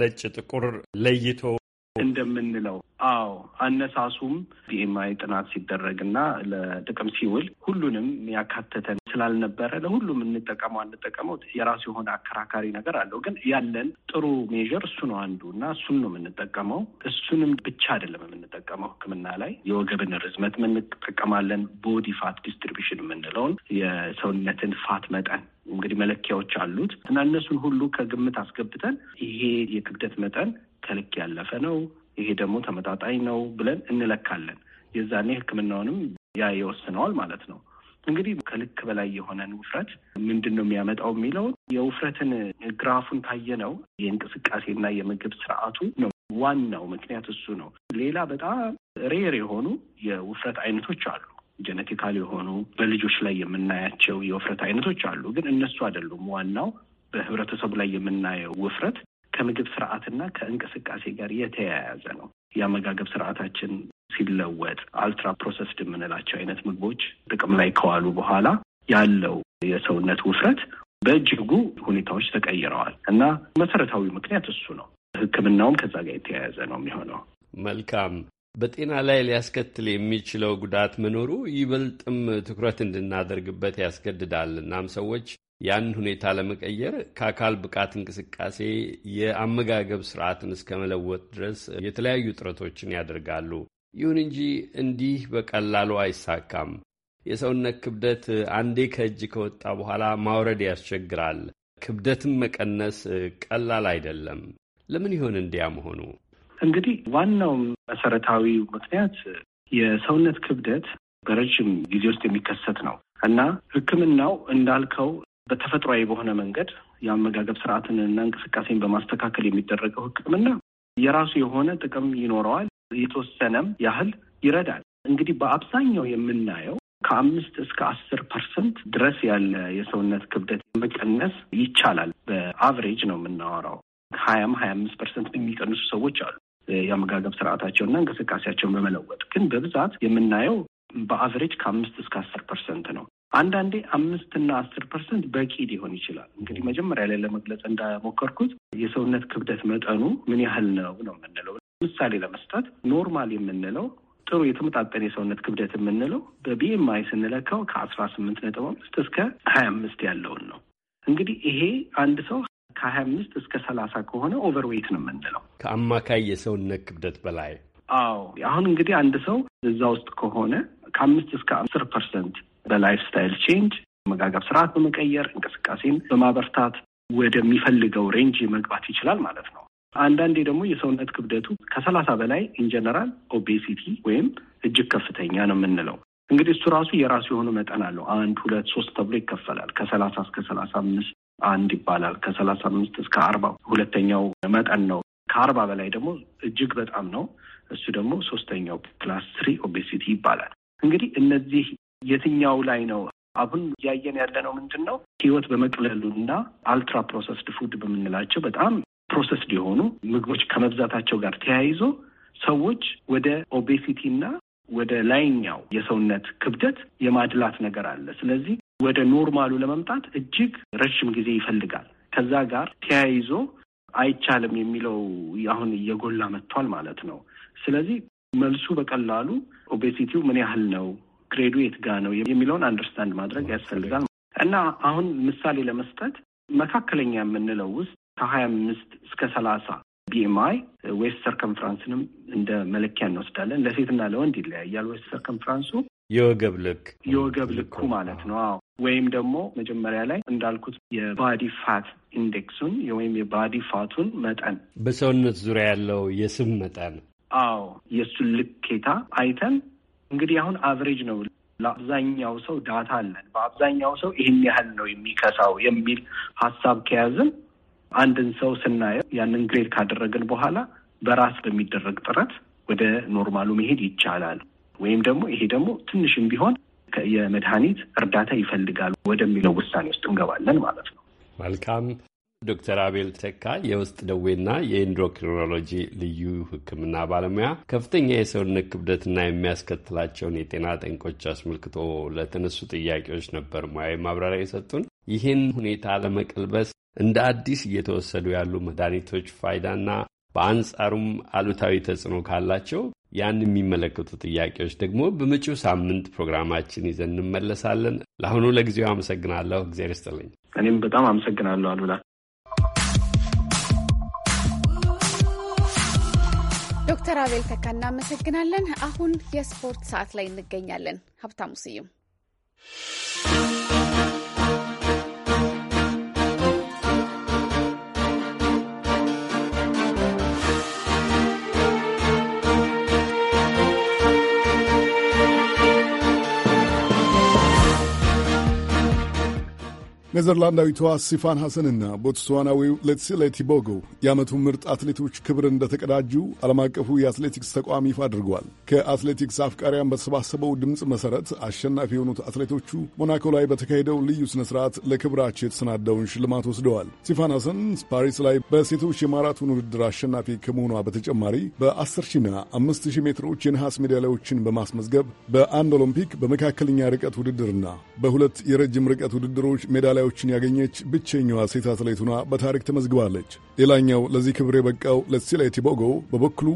ነጭ ጥቁር ለይቶ እንደምንለው አዎ አነሳሱም ቢኤምአይ ጥናት ሲደረግና ለጥቅም ሲውል ሁሉንም ያካተተን ስላልነበረ ለሁሉም እንጠቀመው አንጠቀመው የራሱ የሆነ አከራካሪ ነገር አለው። ግን ያለን ጥሩ ሜዥር እሱ ነው አንዱ እና እሱን ነው የምንጠቀመው። እሱንም ብቻ አይደለም የምንጠቀመው ሕክምና ላይ የወገብን ርዝመት የምንጠቀማለን። ቦዲ ፋት ዲስትሪቢሽን የምንለውን የሰውነትን ፋት መጠን እንግዲህ መለኪያዎች አሉት እና እነሱን ሁሉ ከግምት አስገብተን ይሄ የክብደት መጠን ከልክ ያለፈ ነው፣ ይሄ ደግሞ ተመጣጣኝ ነው ብለን እንለካለን። የዛኔ ህክምናውንም ያ ይወስነዋል ማለት ነው። እንግዲህ ከልክ በላይ የሆነን ውፍረት ምንድን ነው የሚያመጣው የሚለውን የውፍረትን ግራፉን ታየ ነው የእንቅስቃሴና የምግብ ስርዓቱ ነው ዋናው ምክንያት እሱ ነው። ሌላ በጣም ሬር የሆኑ የውፍረት አይነቶች አሉ። ጀነቲካል የሆኑ በልጆች ላይ የምናያቸው የውፍረት አይነቶች አሉ፣ ግን እነሱ አይደሉም ዋናው በህብረተሰቡ ላይ የምናየው ውፍረት ከምግብ ስርዓትና ከእንቅስቃሴ ጋር የተያያዘ ነው። የአመጋገብ ስርዓታችን ሲለወጥ አልትራ ፕሮሰስድ የምንላቸው አይነት ምግቦች ጥቅም ላይ ከዋሉ በኋላ ያለው የሰውነት ውፍረት በእጅጉ ሁኔታዎች ተቀይረዋል እና መሰረታዊ ምክንያት እሱ ነው። ሕክምናውም ከዛ ጋር የተያያዘ ነው የሚሆነው። መልካም። በጤና ላይ ሊያስከትል የሚችለው ጉዳት መኖሩ ይበልጥም ትኩረት እንድናደርግበት ያስገድዳል። እናም ሰዎች ያን ሁኔታ ለመቀየር ከአካል ብቃት እንቅስቃሴ የአመጋገብ ስርዓትን እስከ መለወጥ ድረስ የተለያዩ ጥረቶችን ያደርጋሉ። ይሁን እንጂ እንዲህ በቀላሉ አይሳካም። የሰውነት ክብደት አንዴ ከእጅ ከወጣ በኋላ ማውረድ ያስቸግራል። ክብደትን መቀነስ ቀላል አይደለም። ለምን ይሆን እንዲያ መሆኑ? እንግዲህ ዋናው መሰረታዊው ምክንያት የሰውነት ክብደት በረጅም ጊዜ ውስጥ የሚከሰት ነው እና ሕክምናው እንዳልከው በተፈጥሯዊ በሆነ መንገድ የአመጋገብ ስርዓትንና እንቅስቃሴን በማስተካከል የሚደረገው ሕክምና የራሱ የሆነ ጥቅም ይኖረዋል። የተወሰነም ያህል ይረዳል። እንግዲህ በአብዛኛው የምናየው ከአምስት እስከ አስር ፐርሰንት ድረስ ያለ የሰውነት ክብደት መቀነስ ይቻላል። በአቨሬጅ ነው የምናወራው። ሀያም ሀያ አምስት ፐርሰንት የሚቀንሱ ሰዎች አሉ የአመጋገብ ስርዓታቸውና እንቅስቃሴያቸውን በመለወጥ ግን በብዛት የምናየው በአቨሬጅ ከአምስት እስከ አስር ፐርሰንት ነው። አንዳንዴ አምስት እና አስር ፐርሰንት በቂ ሊሆን ይችላል። እንግዲህ መጀመሪያ ላይ ለመግለጽ እንዳሞከርኩት የሰውነት ክብደት መጠኑ ምን ያህል ነው ነው የምንለው። ምሳሌ ለመስጠት ኖርማል የምንለው ጥሩ የተመጣጠነ የሰውነት ክብደት የምንለው በቢኤምአይ ስንለካው ከአስራ ስምንት ነጥብ አምስት እስከ ሀያ አምስት ያለውን ነው። እንግዲህ ይሄ አንድ ሰው ከሀያ አምስት እስከ ሰላሳ ከሆነ ኦቨርዌይት ነው የምንለው ከአማካይ የሰውነት ክብደት በላይ አዎ። አሁን እንግዲህ አንድ ሰው እዛ ውስጥ ከሆነ ከአምስት እስከ አስር ፐርሰንት በላይፍ ስታይል ቼንጅ አመጋገብ ስርዓት በመቀየር እንቅስቃሴን በማበርታት ወደሚፈልገው ሬንጅ መግባት ይችላል ማለት ነው። አንዳንዴ ደግሞ የሰውነት ክብደቱ ከሰላሳ በላይ ኢንጀነራል ኦቤሲቲ ወይም እጅግ ከፍተኛ ነው የምንለው እንግዲህ እሱ ራሱ የራሱ የሆነ መጠን አለው። አንድ ሁለት ሶስት ተብሎ ይከፈላል። ከሰላሳ እስከ ሰላሳ አምስት አንድ ይባላል። ከሰላሳ አምስት እስከ አርባ ሁለተኛው መጠን ነው። ከአርባ በላይ ደግሞ እጅግ በጣም ነው። እሱ ደግሞ ሶስተኛው ክላስ ትሪ ኦቤሲቲ ይባላል። እንግዲህ እነዚህ የትኛው ላይ ነው? አሁን እያየን ያለነው ምንድን ነው? ህይወት በመቅለሉ እና አልትራ ፕሮሰስድ ፉድ በምንላቸው በጣም ፕሮሰስድ የሆኑ ምግቦች ከመብዛታቸው ጋር ተያይዞ ሰዎች ወደ ኦቤሲቲ እና ወደ ላይኛው የሰውነት ክብደት የማድላት ነገር አለ። ስለዚህ ወደ ኖርማሉ ለመምጣት እጅግ ረጅም ጊዜ ይፈልጋል። ከዛ ጋር ተያይዞ አይቻልም የሚለው አሁን እየጎላ መጥቷል ማለት ነው። ስለዚህ መልሱ በቀላሉ ኦቤሲቲው ምን ያህል ነው ግሬዱ የት ጋ ነው የሚለውን አንደርስታንድ ማድረግ ያስፈልጋል እና አሁን ምሳሌ ለመስጠት መካከለኛ የምንለው ውስጥ ከሀያ አምስት እስከ ሰላሳ ቢኤምአይ ዌስት ሰርከምፍራንስንም እንደ መለኪያ እንወስዳለን። ለሴትና ለወንድ ይለያያል። ዌስት ሰርከምፍራንሱ የወገብ ልክ የወገብ ልኩ ማለት ነው። አዎ ወይም ደግሞ መጀመሪያ ላይ እንዳልኩት የባዲ ፋት ኢንዴክሱን ወይም የባዲ ፋቱን መጠን በሰውነት ዙሪያ ያለው የስብ መጠን አዎ የእሱን ልኬታ አይተን እንግዲህ አሁን አቨሬጅ ነው። ለአብዛኛው ሰው ዳታ አለን። በአብዛኛው ሰው ይህን ያህል ነው የሚከሳው የሚል ሀሳብ ከያዝን አንድን ሰው ስናየው ያንን ግሬድ ካደረግን በኋላ በራስ በሚደረግ ጥረት ወደ ኖርማሉ መሄድ ይቻላል ወይም ደግሞ ይሄ ደግሞ ትንሽም ቢሆን የመድኃኒት እርዳታ ይፈልጋል ወደሚለው ውሳኔ ውስጥ እንገባለን ማለት ነው። መልካም ዶክተር አቤል ተካ የውስጥ ደዌና የኢንዶክሪኖሎጂ ልዩ ሕክምና ባለሙያ ከፍተኛ የሰውነት ክብደትና የሚያስከትላቸውን የጤና ጠንቆች አስመልክቶ ለተነሱ ጥያቄዎች ነበር ሙያዊ ማብራሪያ የሰጡን። ይህን ሁኔታ ለመቀልበስ እንደ አዲስ እየተወሰዱ ያሉ መድኃኒቶች ፋይዳና በአንጻሩም አሉታዊ ተጽዕኖ ካላቸው ያን የሚመለከቱ ጥያቄዎች ደግሞ በመጪው ሳምንት ፕሮግራማችን ይዘን እንመለሳለን። ለአሁኑ ለጊዜው አመሰግናለሁ። እግዚአብሔር ይስጥልኝ። እኔም በጣም አመሰግናለሁ አሉላ። ዶክተር አቤል ተካ እናመሰግናለን። አሁን የስፖርት ሰዓት ላይ እንገኛለን። ሀብታሙ ስዩም ኔዘርላንዳዊቷ ሲፋን ሐሰንና ቦትስዋናዊው ሌትሲሌ ቲቦጎ የዓመቱ ምርጥ አትሌቶች ክብር እንደተቀዳጁ ዓለም አቀፉ የአትሌቲክስ ተቋም ይፋ አድርጓል። ከአትሌቲክስ አፍቃሪያን በተሰባሰበው ድምፅ መሠረት አሸናፊ የሆኑት አትሌቶቹ ሞናኮ ላይ በተካሄደው ልዩ ሥነ ሥርዓት ለክብራቸው የተሰናዳውን ሽልማት ወስደዋል። ሲፋን ሐሰን ፓሪስ ላይ በሴቶች የማራቶን ውድድር አሸናፊ ከመሆኗ በተጨማሪ በ10 ሺና 5 ሺህ ሜትሮች የነሐስ ሜዳሊያዎችን በማስመዝገብ በአንድ ኦሎምፒክ በመካከለኛ ርቀት ውድድርና በሁለት የረጅም ርቀት ውድድሮች ሜዳ ሜዳሊያዎችን ያገኘች ብቸኛዋ ሴት አትሌት ሆና በታሪክ ተመዝግባለች። ሌላኛው ለዚህ ክብር የበቃው ለሲሌ ቲቦጎ በበኩሉ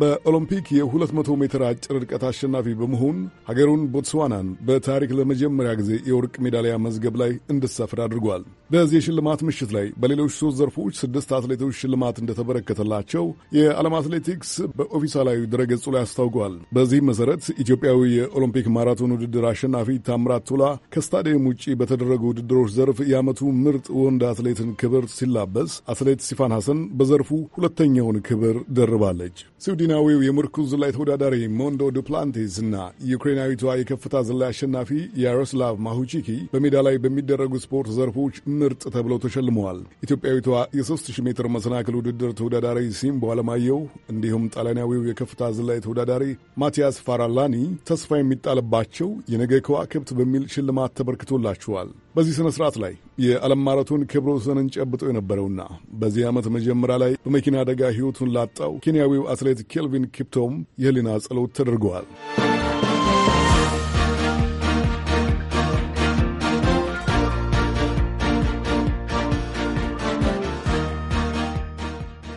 በኦሎምፒክ የ200 ሜትር አጭር ርቀት አሸናፊ በመሆን ሀገሩን ቦትስዋናን በታሪክ ለመጀመሪያ ጊዜ የወርቅ ሜዳሊያ መዝገብ ላይ እንድትሰፍር አድርጓል። በዚህ የሽልማት ምሽት ላይ በሌሎች ሶስት ዘርፎች ስድስት አትሌቶች ሽልማት እንደተበረከተላቸው የዓለም አትሌቲክስ በኦፊሳላዊ ድረገጹ ላይ አስታውቋል። በዚህም መሠረት ኢትዮጵያዊ የኦሎምፒክ ማራቶን ውድድር አሸናፊ ታምራት ቱላ ከስታዲየም ውጭ በተደረጉ ውድድሮች ዘርፍ የዓመቱ ምርጥ ወንድ አትሌትን ክብር ሲላበስ፣ አትሌት ሲፋን ሐሰን በዘርፉ ሁለተኛውን ክብር ደርባለች። ስዊድናዊው የምርኩዝ ዝላይ ተወዳዳሪ ሞንዶ ዱፕላንቲስ እና ዩክሬናዊቷ የከፍታ ዝላይ አሸናፊ ያሮስላቭ ማሁቺኪ በሜዳ ላይ በሚደረጉ ስፖርት ዘርፎች ምርጥ ተብለው ተሸልመዋል። ኢትዮጵያዊቷ የ3000 ሜትር መሰናክል ውድድር ተወዳዳሪ ሲምቦ አለማየሁ እንዲሁም ጣሊያናዊው የከፍታ ዝላይ ተወዳዳሪ ማቲያስ ፋራላኒ ተስፋ የሚጣልባቸው የነገ ከዋክብት በሚል ሽልማት ተበርክቶላቸዋል። በዚህ ሥነ ሥርዓት ላይ የዓለም ማራቶን ክብረ ወሰንን ጨብጦ የነበረውና በዚህ ዓመት መጀመሪያ ላይ በመኪና አደጋ ሕይወቱን ላጣው ኬንያዊው አትሌት ኬልቪን ኪፕቶም የህሊና ጸሎት ተደርገዋል።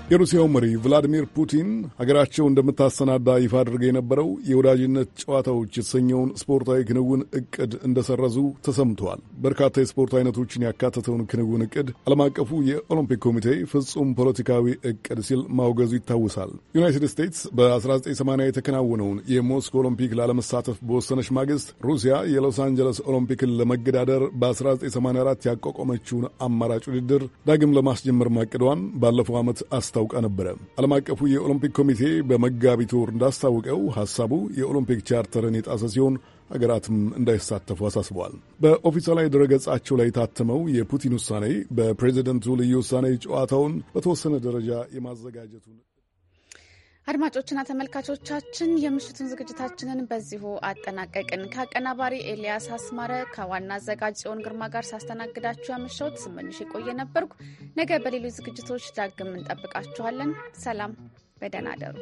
የሩሲያው መሪ ቭላዲሚር ፑቲን ሀገራቸው እንደምታሰናዳ ይፋ አድርገ የነበረው የወዳጅነት ጨዋታዎች የተሰኘውን ስፖርታዊ ክንውን እቅድ እንደሰረዙ ተሰምተዋል። በርካታ የስፖርት አይነቶችን ያካተተውን ክንውን እቅድ ዓለም አቀፉ የኦሎምፒክ ኮሚቴ ፍጹም ፖለቲካዊ እቅድ ሲል ማውገዙ ይታወሳል። ዩናይትድ ስቴትስ በ1980 የተከናወነውን የሞስኮ ኦሎምፒክ ላለመሳተፍ በወሰነች ማግስት ሩሲያ የሎስ አንጀለስ ኦሎምፒክን ለመገዳደር በ1984 ያቋቋመችውን አማራጭ ውድድር ዳግም ለማስጀመር ማቅዷን ባለፈው ዓመት አስ አስታውቃ ነበረ። ዓለም አቀፉ የኦሎምፒክ ኮሚቴ በመጋቢት ወር እንዳስታወቀው ሐሳቡ የኦሎምፒክ ቻርተርን የጣሰ ሲሆን አገራትም እንዳይሳተፉ አሳስበዋል። በኦፊሳላዊ ድረገጻቸው ላይ የታተመው የፑቲን ውሳኔ በፕሬዚደንቱ ልዩ ውሳኔ ጨዋታውን በተወሰነ ደረጃ የማዘጋጀቱን አድማጮችና ተመልካቾቻችን የምሽቱን ዝግጅታችንን በዚሁ አጠናቀቅን። ከአቀናባሪ ኤልያስ አስማረ ከዋና አዘጋጅ ጽዮን ግርማ ጋር ሳስተናግዳችሁ ያመሻውት ስምንሽ የቆየ ነበርኩ። ነገ በሌሎች ዝግጅቶች ዳግም እንጠብቃችኋለን። ሰላም፣ በደህና አደሩ።